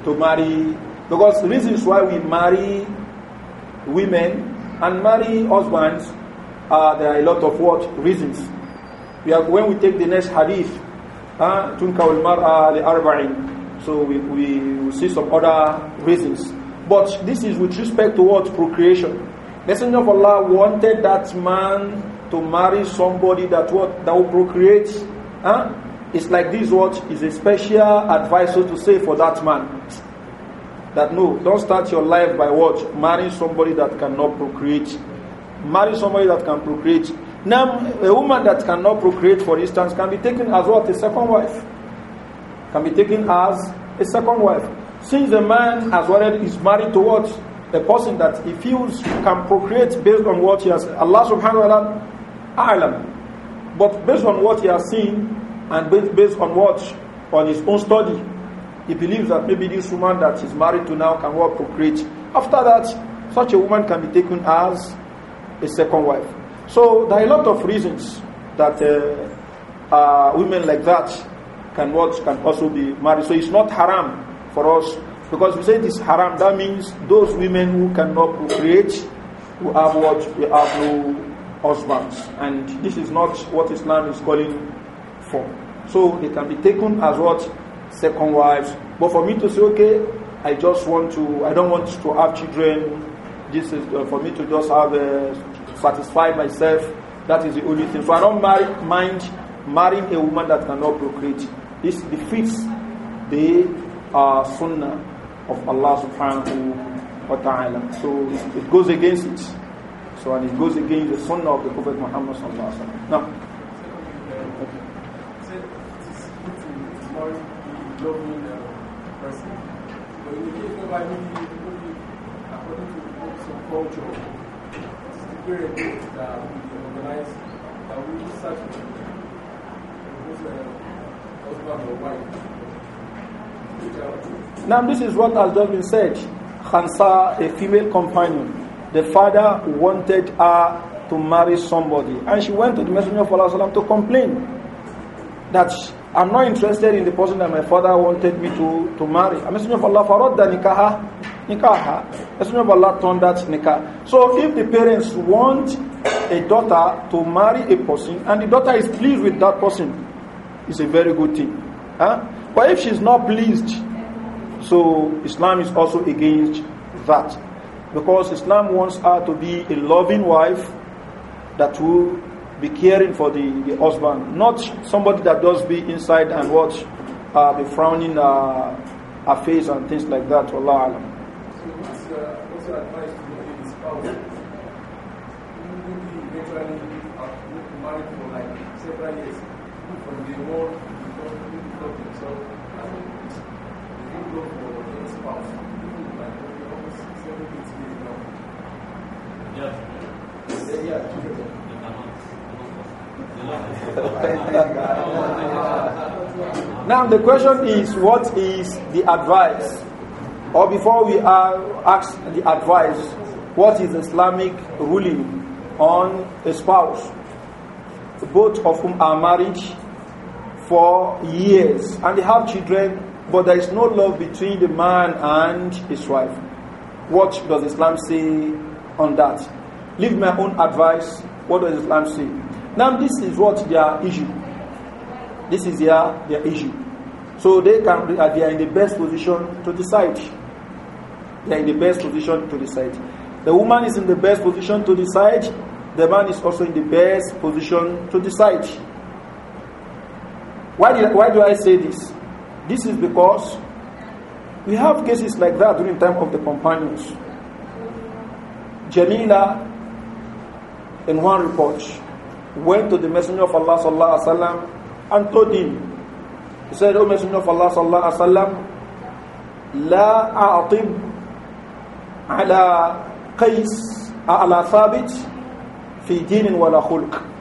to marry. Because the reasons why we marry women and marry husbands, uh, there are a lot of what reasons. We have, when we take the next hadith, Tunka uh, the arba'in. So we, we see some other reasons. But this is with respect to what? Procreation. Messenger of Allah wanted that man to marry somebody that what that will procreate. Huh? It's like this what is a special advice so to say for that man. That no, don't start your life by what? marry somebody that cannot procreate. Marry somebody that can procreate. Now, a woman that cannot procreate, for instance, can be taken as what? A second wife. Can be taken as a second wife. Since the man has already is married to what? a person that he feels can procreate based on what he has Allah subhanahu wa ta'ala but based on what he has seen and based, based on what on his own study he believes that maybe this woman that he's married to now can work procreate after that such a woman can be taken as a second wife so there are a lot of reasons that uh, uh, women like that can what can also be married so it's not haram for us because we say this haram, that means those women who cannot procreate, who have what? They have no husbands. And this is not what Islam is calling for. So they can be taken as what? Second wives. But for me to say, okay, I just want to, I don't want to have children. This is uh, for me to just have, uh, satisfy myself. That is the only thing. So I don't mind marrying a woman that cannot procreate. This defeats the uh, sunnah of Allah subhanahu wa ta'ala. So it goes against it. So and it goes against the son of the Prophet Muhammad sallallahu alayhi wa sallam. Now. Culture. It's the period that we organize that we such a husband the white. Now, this is what has just been said. Khansa, a female companion, the father wanted her to marry somebody. And she went to the Messenger of Allah to complain that I'm not interested in the person that my father wanted me to, to marry. A Messenger of Allah nikaha, nikaha. Messenger of Allah turned that nikah. So if the parents want a daughter to marry a person and the daughter is pleased with that person, it's a very good thing. Huh? But if she's not pleased, so Islam is also against that. Because Islam wants her to be a loving wife that will be caring for the, the husband, not somebody that does be inside and watch, uh, be frowning uh, her face and things like that. Allah So what's, what's your advice to the spouse uh, married for like several years from the world? <laughs> now the question is what is the advice or before we ask the advice what is islamic ruling on a spouse both of whom are married for years and they have children But there is no love between the man and his wife. What does Islam say on that? Leave my own advice. What does Islam say? Now, this is what their issue. This is their, their issue. So they can uh, they are in the best position to decide. They are in the best position to decide. The woman is in the best position to decide. The man is also in the best position to decide. Why, did, why do I say this? This is because we have cases like that during time of the companions. Jalila, in one report, went to the Messenger of Allah sallallahu alaihi wasallam and told him, he said, O Messenger of Allah sallallahu alaihi wasallam, لا أعطب على قيس على ثابت في دين ولا خلق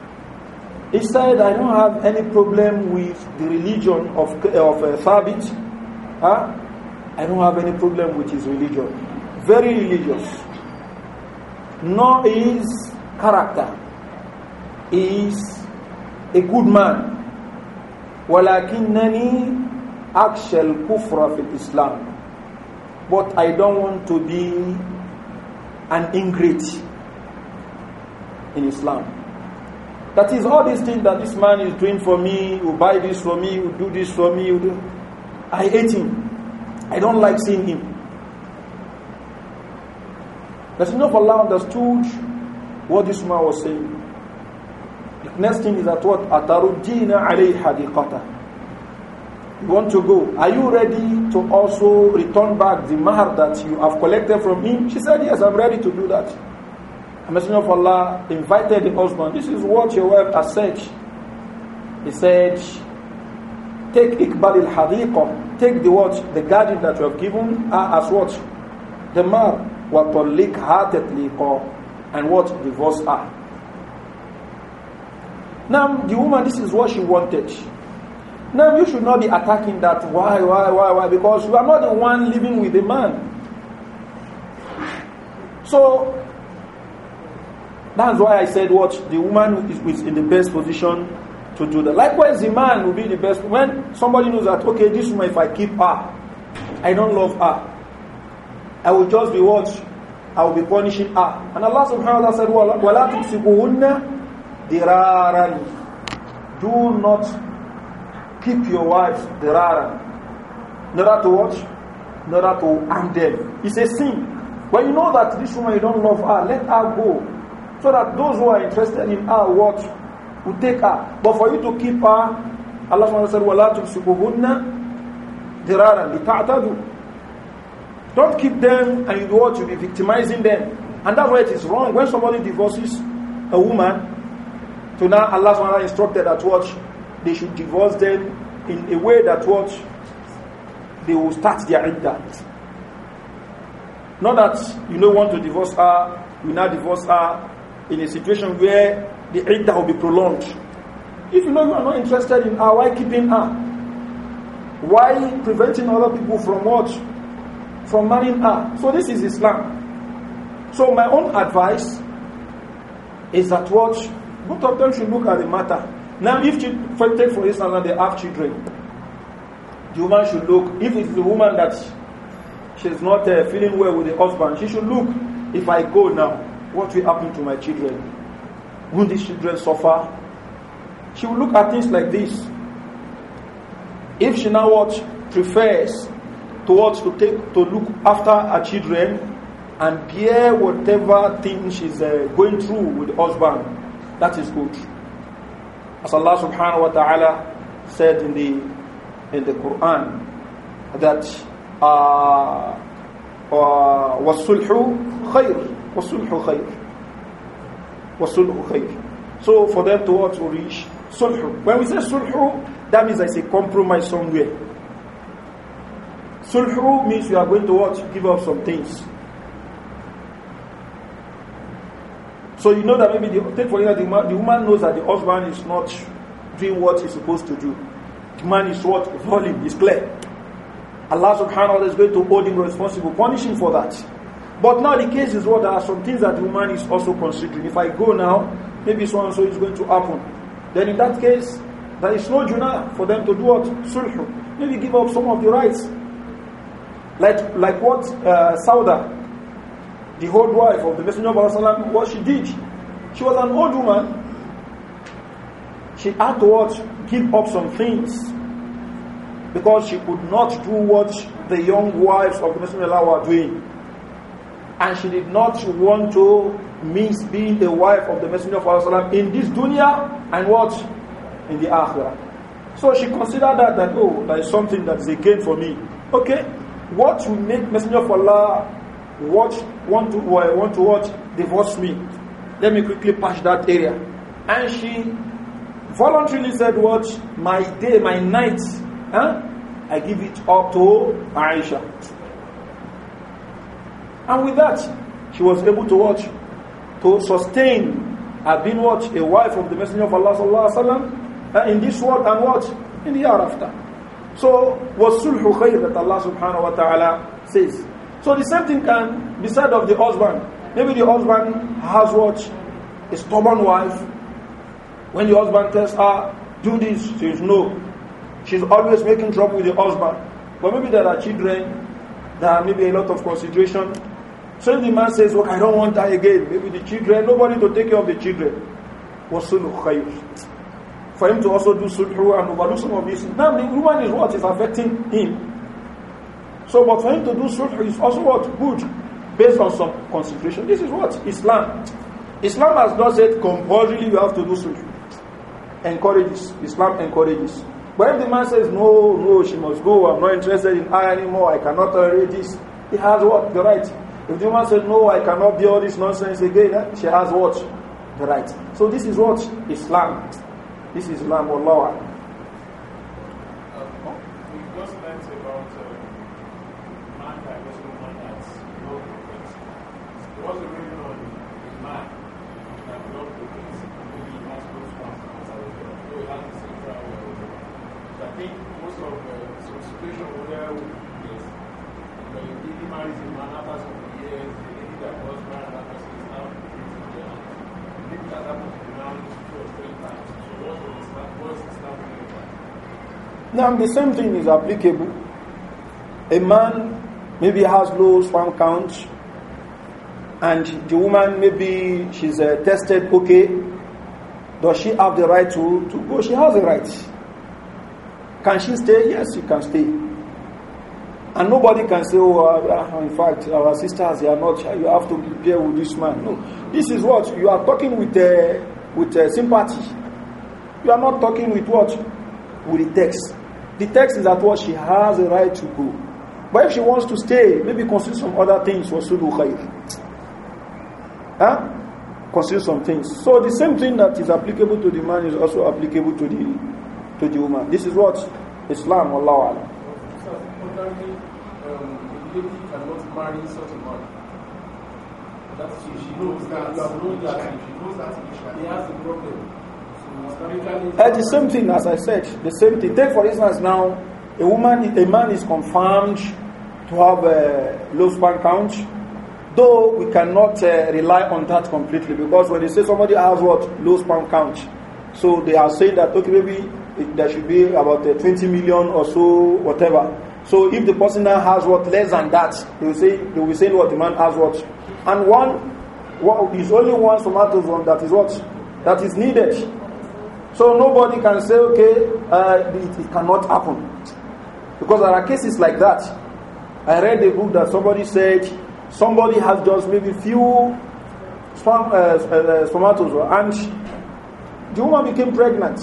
he said, I don't have any problem with the religion of, of uh, Thabit. Huh? I don't have any problem with his religion. Very religious. Nor his character. He is a good man. ولكنني أخشى الكفر في Islam. But I don't want to be an ingrate in Islam. That is all these things that this man is doing for me, will buy this for me, will do this for me. Do... I hate him. I don't like seeing him. The Messenger of Allah understood what this man was saying. The next thing is that what? Atarujina alayhi hadiqata. You want to go. Are you ready to also return back the mahar that you have collected from him? She said, yes, I'm ready to do that. Messenger of Allah invited the husband. This is what your wife has said. He said, Take Iqbal al take the watch, The garden that you have given her as what? The mar, wa tallik and what? Divorce her. Now, the woman, this is what she wanted. Now, you should not be attacking that. Why, why, why, why? Because you are not the one living with the man. So, that's why I said what the woman is, is in the best position to do that. Likewise, the man will be the best. When somebody knows that, okay, this woman, if I keep her, I don't love her. I will just be what? I will be punishing her. And Allah subhanahu wa ta'ala said, وَلَا تُمْسِكُهُنَّ Do not keep your wives dirara. In to what? not to harm them. It's a sin. When you know that this woman, you don't love her, let her go. So that those who are interested in her what will take her. But for you to keep her, Allah subhanahu wa said, وَلَا لِتَعْتَدُوا Don't keep them and you do what? You'll be victimizing them. And that's why it is wrong. When somebody divorces a woman, so now Allah subhanahu wa ta'ala instructed that what? They should divorce them in a way that what? They will start their iddah. Not that you don't want to divorce her, you now divorce her, in a situation where the iddah will be prolonged. If you know you are not interested in her, why keeping her? Why preventing other people from what? From marrying her. So this is Islam. So my own advice is that what both of them should look at the matter. Now, if you take for instance they have children, the woman should look. If it's the woman that she's not uh, feeling well with the husband, she should look. If I go now, what will happen to my children? Won't these children suffer? She will look at things like this. If she now what prefers towards to take to look after her children and bear whatever thing she's uh, going through with the husband, that is good. As Allah subhanahu wa ta'ala said in the in the Quran that uh, uh, وَصُلْحُ خَيْرٌ وَصُلْحُ خَيْرٌ So for them to what to reach sulhu. When we say sulhu, that means I say compromise somewhere. Sulhu means you are going to what? Give up some things. So you know that maybe the, take for example, the, the woman knows that the husband is not doing what he's supposed to do. The man is what? falling, is clear. Allah subhanahu wa ta'ala is going to hold him responsible, punish him for that. But now the case is what there are some things that the woman is also considering. If I go now, maybe so and so is going to happen. Then in that case, there is no junah for them to do what? Sulh. Maybe give up some of the rights. Like, like what uh, Sauda, the old wife of the Messenger of Allah, what she did. She was an old woman. She had to what? Give up some things. Because she could not do what the young wives of the Messenger of Allah were doing and she did not want to miss being the wife of the Messenger of Allah in this dunya and what? In the akhirah. So she considered that, that oh, that is something that is a gain for me. Okay, what will make Messenger of Allah watch want to, I uh, want to watch Divorce me. Let me quickly patch that area. And she voluntarily said, What? My day, my night, huh? I give it up to Aisha. And with that, she was able to watch, to sustain, have been what? A wife of the Messenger of Allah sallallahu alaihi wasallam uh, in this world and what? In the hereafter. So, was sulhu khayr that Allah subhanahu wa ta'ala says. So the same thing can be said of the husband. Maybe the husband has what? A stubborn wife. When the husband tells her, do this, she says no. She's always making trouble with the husband. But maybe there are children, there are maybe a lot of consideration So if the man says, Look, I don't want that again, maybe the children, nobody to take care of the children. For him to also do sulhu and overdo some of this. Now the woman is what is affecting him. So, but for him to do sulhu is also what? Good. Based on some consideration. This is what? Islam. Islam has not said compulsorily you have to do sulhu. Encourages. Islam encourages. But if the man says, no, no, she must go, I'm not interested in her anymore, I cannot tolerate this, he has what? The right If the woman said, No, I cannot be all this nonsense again, eh? she has what? The right. So this is what? Islam. This is Islam, Allah. the same thing is applicable. A man maybe has low sperm count, and the woman maybe she's uh, tested okay. Does she have the right to, to go? She has the right. Can she stay? Yes, she can stay. And nobody can say, oh, uh, in fact, our sisters, they are not, you have to be with this man. No. This is what? You are talking with, uh, with uh, sympathy. You are not talking with what? With the text. The text is that what she has a right to go. But if she wants to stay, maybe consider some other things. Wasudu khair. Huh? Consider some things. So the same thing that is applicable to the man is also applicable to the to the woman. This is what Islam, Allah Allah. Um, cannot marry such a man. That's she, knows that. that. She knows that. She has a problem. Uh, the same thing as I said, the same thing. Take for instance now, a woman, a man is confirmed to have a low sperm count, though we cannot uh, rely on that completely because when they say somebody has what low sperm count, so they are saying that okay, maybe it, there should be about uh, 20 million or so, whatever. So if the person now has what less than that, they will say they will say what the man has what, and one, what is only one somatosome that is what that is needed. So nobody can say, okay, uh, it, it, cannot happen. Because there are cases like that. I read a book that somebody said, somebody has just maybe few sperm, uh, uh, spermatozoa, and the woman became pregnant.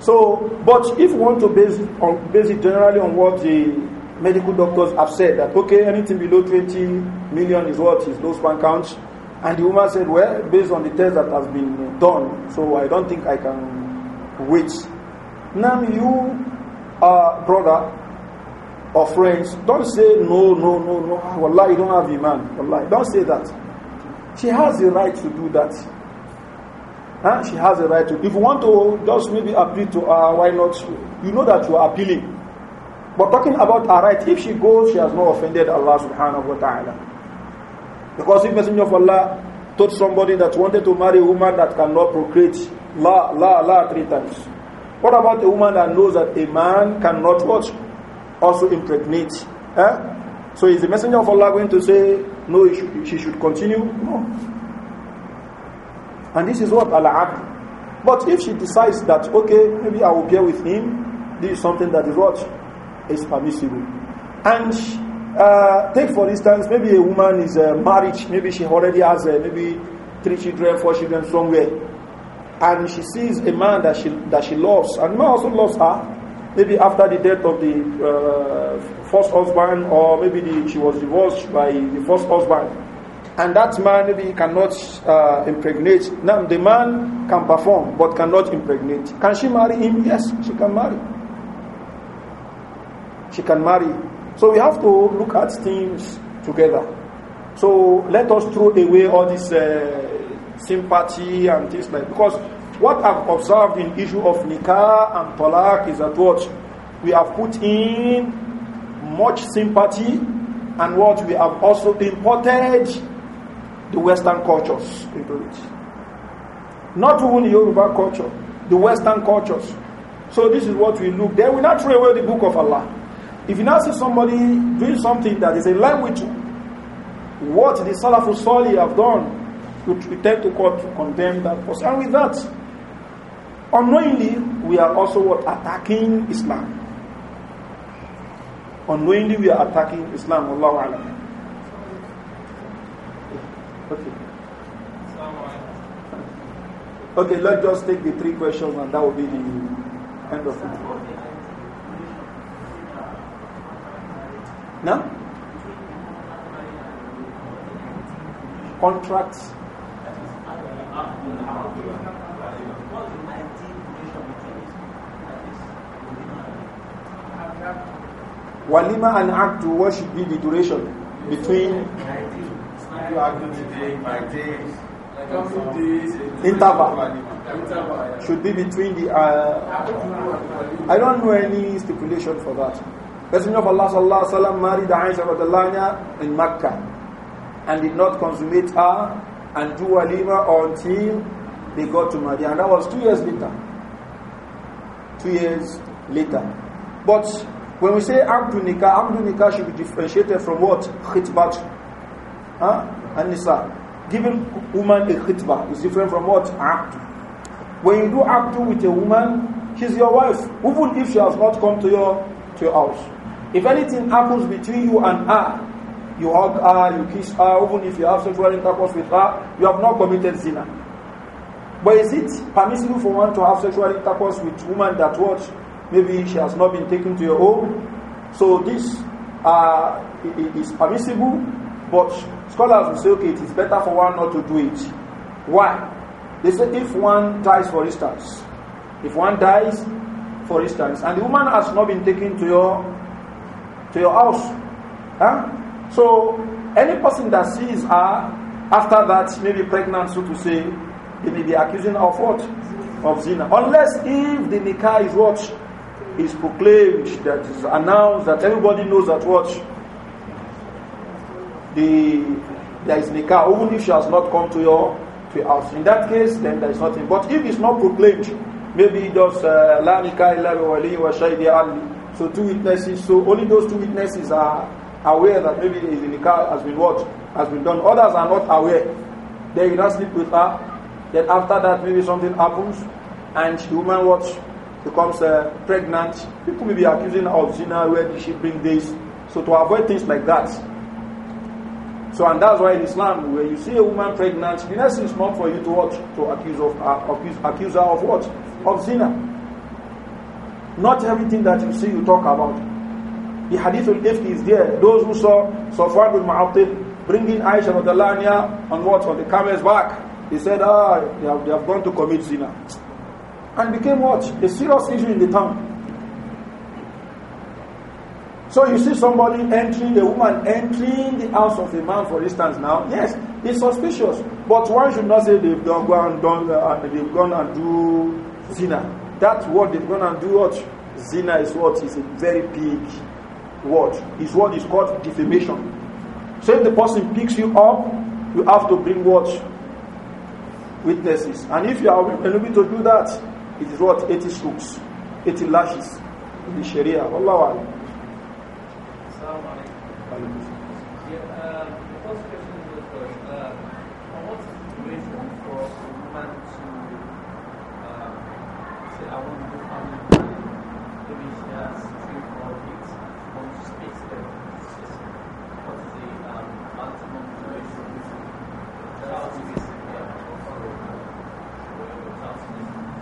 So, but if you want to base, on, base it generally on what the medical doctors have said, that okay, anything below 20 million is what is low sperm count, And the woman said, Well, based on the test that has been done, so I don't think I can wait. Now, you, uh, brother or friends, don't say, No, no, no, no. Ah, Allah, you don't have Iman. Allah, don't say that. She has the right to do that. Huh? She has the right to. If you want to just maybe appeal to her, why not? You know that you are appealing. But talking about her right, if she goes, she has not offended Allah subhanahu wa ta'ala. Because if Messenger of Allah told somebody that wanted to marry a woman that cannot procreate, la, la, la, three times. What about a woman that knows that a man cannot what? Also impregnate. Eh? So is the Messenger of Allah going to say, no, she should, she should continue? No. And this is what Allah had. But if she decides that, okay, maybe I will bear with him, this is something that is what? Is permissible. And uh, take for instance, maybe a woman is uh, married, maybe she already has uh, maybe three children, four children somewhere, and she sees a man that she that she loves, and man also loves her. Maybe after the death of the uh, first husband, or maybe the, she was divorced by the first husband, and that man maybe cannot uh, impregnate. Now the man can perform, but cannot impregnate. Can she marry him? Yes, she can marry. She can marry so we have to look at things together. So let us throw away all this uh, sympathy and things like because what I've observed in issue of nikah and talaq is that what we have put in much sympathy and what we have also imported the Western cultures into it. Not even Yoruba culture, the Western cultures. So this is what we look. Then we not throw away the book of Allah. If you now see somebody doing something that is in line with what the Salafus Sali have done, you tend to God to condemn that person. And with that, unknowingly, we are also what, attacking Islam. Unknowingly, we are attacking Islam. Allah Okay. Okay, let's just take the three questions and that will be the end of it. Now, contracts. Walima and Abdu, what should be the duration between interval? Should be between the. Uh, I don't know any stipulation for that. Messenger of Allah sallallahu alaihi wasallam married Aisha radhiallahu in Mecca and did not consummate her and do walima until they got to Madinah. And that was two years later. Two years later. But when we say Abdu Nikah, Abdu Nikah should be differentiated from what? Khitbat. Huh? And Nisa. Giving woman a khitbah is different from what? Abdu. When you do Abdu with a woman, she's your wife, even if she has not come to your, to your house. If anything happens between you and her, you hug her, you kiss her, even if you have sexual intercourse with her, you have not committed zina. But is it permissible for one to have sexual intercourse with a woman that what maybe she has not been taken to your home? So this uh, is permissible, but scholars will say, okay, it is better for one not to do it. Why? They say if one dies, for instance, if one dies, for instance, and the woman has not been taken to your to your house. Huh? So any person that sees her after that, maybe pregnant, so to say, they may be accusing of what? Of zina. Unless if the nikah is what is proclaimed, that is announced, that everybody knows that what the there is nikah, even if she has not come to your to your house. In that case, then there is nothing. But if it's not proclaimed, maybe just uh, la nikah wali wa shaydi ali so two witnesses. So only those two witnesses are aware that maybe the car has been what has been done. Others are not aware. They you not sleep with her. Then after that, maybe something happens, and the woman watch becomes uh, pregnant. People may be accusing her of zina. Where did she bring this? So to avoid things like that. So and that's why in Islam, where you see a woman pregnant, the next is not for you to watch to accuse of uh, accuse, accuse her of what of zina. Not everything that you see you talk about. The hadith al-ifki is there. Those who saw Safwan bin Mu'attil bringing Aisha radhiallahu on what? On the camel's back. They said, ah, they have, they have gone to commit zina. And became what? A serious issue in the town. So you see somebody entering, a woman entering the house of a man, for instance, now, yes, it's suspicious. But one should not say they've gone and done, uh, they've gone and do zina. That's what they're gonna do what? Zina is what is a very big word. Is what is called defamation. So if the person picks you up, you have to bring what? Witnesses. And if you are unable to do that, it is what? 80 strokes, 80 lashes in the Sharia. Wallahu alam.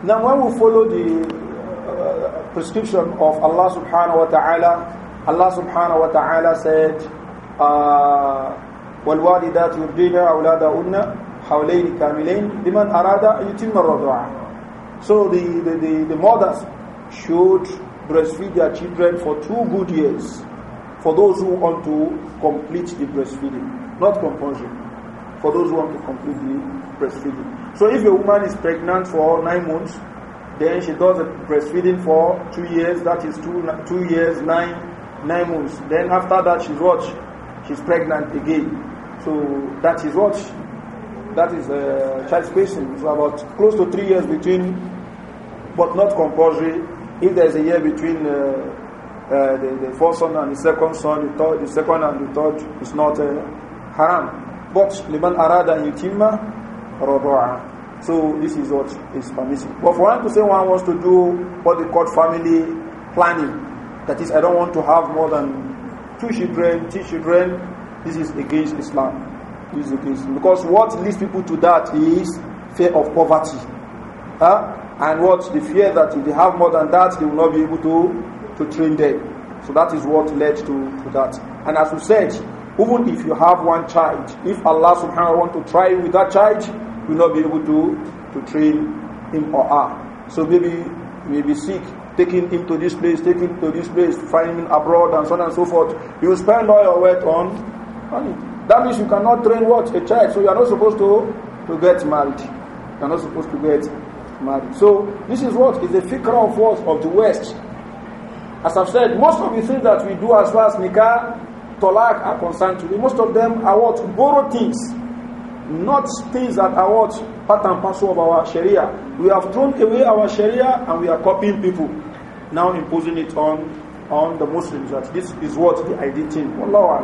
Now, when we follow the uh, prescription of Allah subhanahu wa ta'ala, Allah subhanahu wa ta'ala said, وَالْوَالِدَاتِ يُرْدِينَ أَوْلَادَهُنَّ حَوْلَيْنِ كَامِلَيْنِ لِمَنْ أَرَادَ يُتِمَّ الرَّضَعَ So the, the, the, the mothers should breastfeed their children for two good years for those who want to complete the breastfeeding, not compulsion, for those who want to complete the breastfeeding. So if a woman is pregnant for nine months, then she does the breastfeeding for two years, that is two, two years, nine, nine months. Then after that, she's what? She's pregnant again. So that is what? That is uh, child spacing. It's about close to three years between, but not compulsory. If there's a year between uh, uh, the, the, first son and the second son, the third, the second and the third, it's not uh, haram. But liban arada yutimma رضاعة so this is what is permissible but for one to say one wants to do what they call family planning that is i don't want to have more than two children three children this is against islam this is against because what leads people to that is fear of poverty huh? and what the fear that if they have more than that they will not be able to to train them so that is what led to, to that and as we said Even if you have one child, if Allah subhanahu wa ta'ala to try with that child, you will not be able to, to train him or her. So maybe you be sick, taking him to this place, taking him to this place, finding him abroad, and so on and so forth. You spend all your wealth on money. That means you cannot train what? A child. So you are not supposed to, to get married. You are not supposed to get married. So this is what is the figure of what? Of the West. As I've said, most of the things that we do as far as nikah talaq are concerned today, most of them are what? Borrow things, not things that are what? Part and parcel of our Sharia. We have thrown away our Sharia and we are copying people, now imposing it on on the Muslims that this is what the ID thing. Wallahu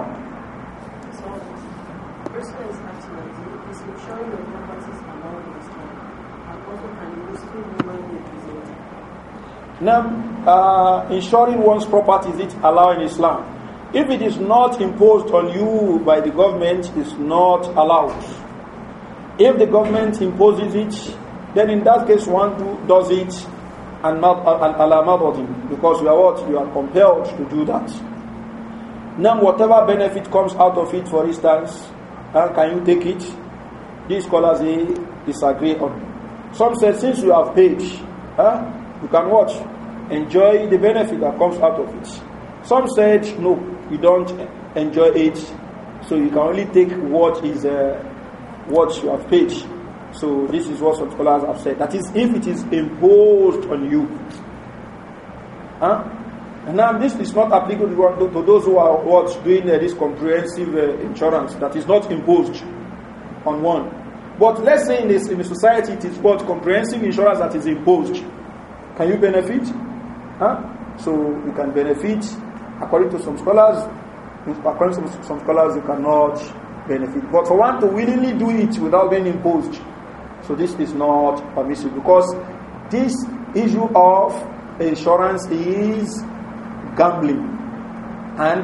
Now, uh, one's property is it allowed in Islam? If it is not imposed on you by the government, it's not allowed. If the government imposes it, then in that case one do, does it and not and alamadodin because you are what you are compelled to do that. Now, whatever benefit comes out of it, for instance, uh, can you take it? These scholars they disagree on. Some say since you have paid, uh, you can watch, enjoy the benefit that comes out of it. Some said no you don't enjoy it. So you can only take what is uh, what you have paid. So this is what some scholars have said. That is, if it is imposed on you. Huh? And now this is not applicable to those who are what doing uh, this comprehensive uh, insurance that is not imposed on one. But let's say in, this, in society it is what comprehensive insurance that is imposed. Can you benefit? Huh? So you can benefit according to some scholars, according to some, scholars, you cannot benefit. But for one to willingly do it without being imposed, so this is not permissible because this issue of insurance is gambling and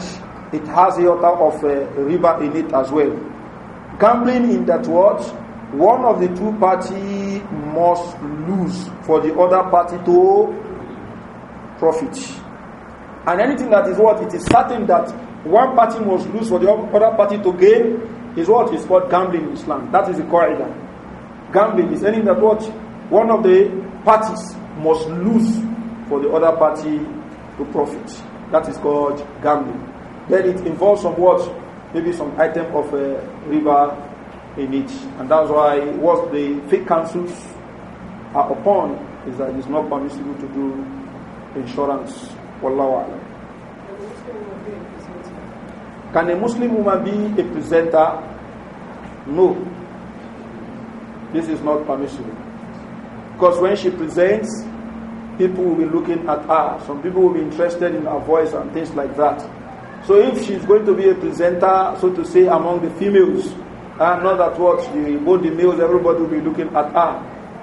it has a lot of uh, river in it as well. Gambling in that word, one of the two party must lose for the other party to profit. And anything that is what it is certain that one party must lose for the other party to gain is what is called gambling in Islam. That is the qaida. Gambling is anything that what one of the parties must lose for the other party to profit. That is called gambling. Then it involves some what? Maybe some item of a uh, river in it. And that's why what the fake councils are upon is that it is not permissible to do insurance Wallahu alam. Can a Muslim woman be a presenter? No. This is not permissible. Because when she presents, people will be looking at her. Some people will be interested in her voice and things like that. So if she's going to be a presenter, so to say, among the females, and not that what the, both the males, everybody will be looking at her,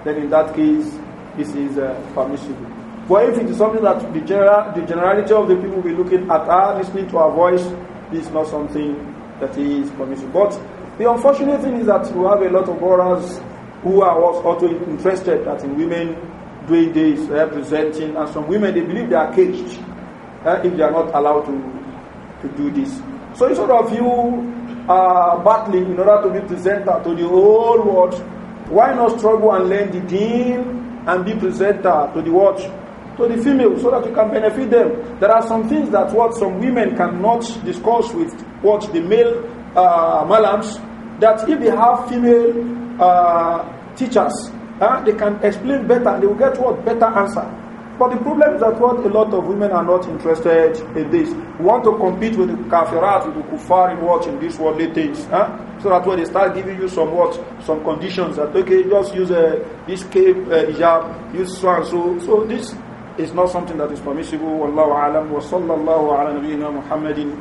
then in that case, this is uh, permissible. For if it is something that the, general, the generality of the people will be looking at are listening to our voice, this is not something that is permissible. But the unfortunate thing is that we have a lot of others who are also interested that in women doing this, representing, and some women they believe they are caged uh, if they are not allowed to, to do this. So instead of you uh, battling in order to be presenter to the whole world, why not struggle and learn the deen and be presenter to the world? to the female, so that you can benefit them. There are some things that what some women cannot discuss with what the male uh, malams, that if they have female uh, teachers, uh, they can explain better and they will get what better answer. But the problem is that what a lot of women are not interested in this. We want to compete with the kafirat, with the kuffar in watching these worldly things. Huh? So that when they start giving you some what, some conditions that okay, just use uh, this cape, uh, hijab, use so and so. So this is not something that is permissible. Wallahu alam wa sallallahu ala nabiyyina Muhammadin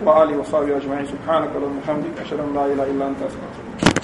wa alihi wa sahbihi ajma'in. Subhanaka wa bihamdik ashhadu an la ilaha illa anta astaghfiruka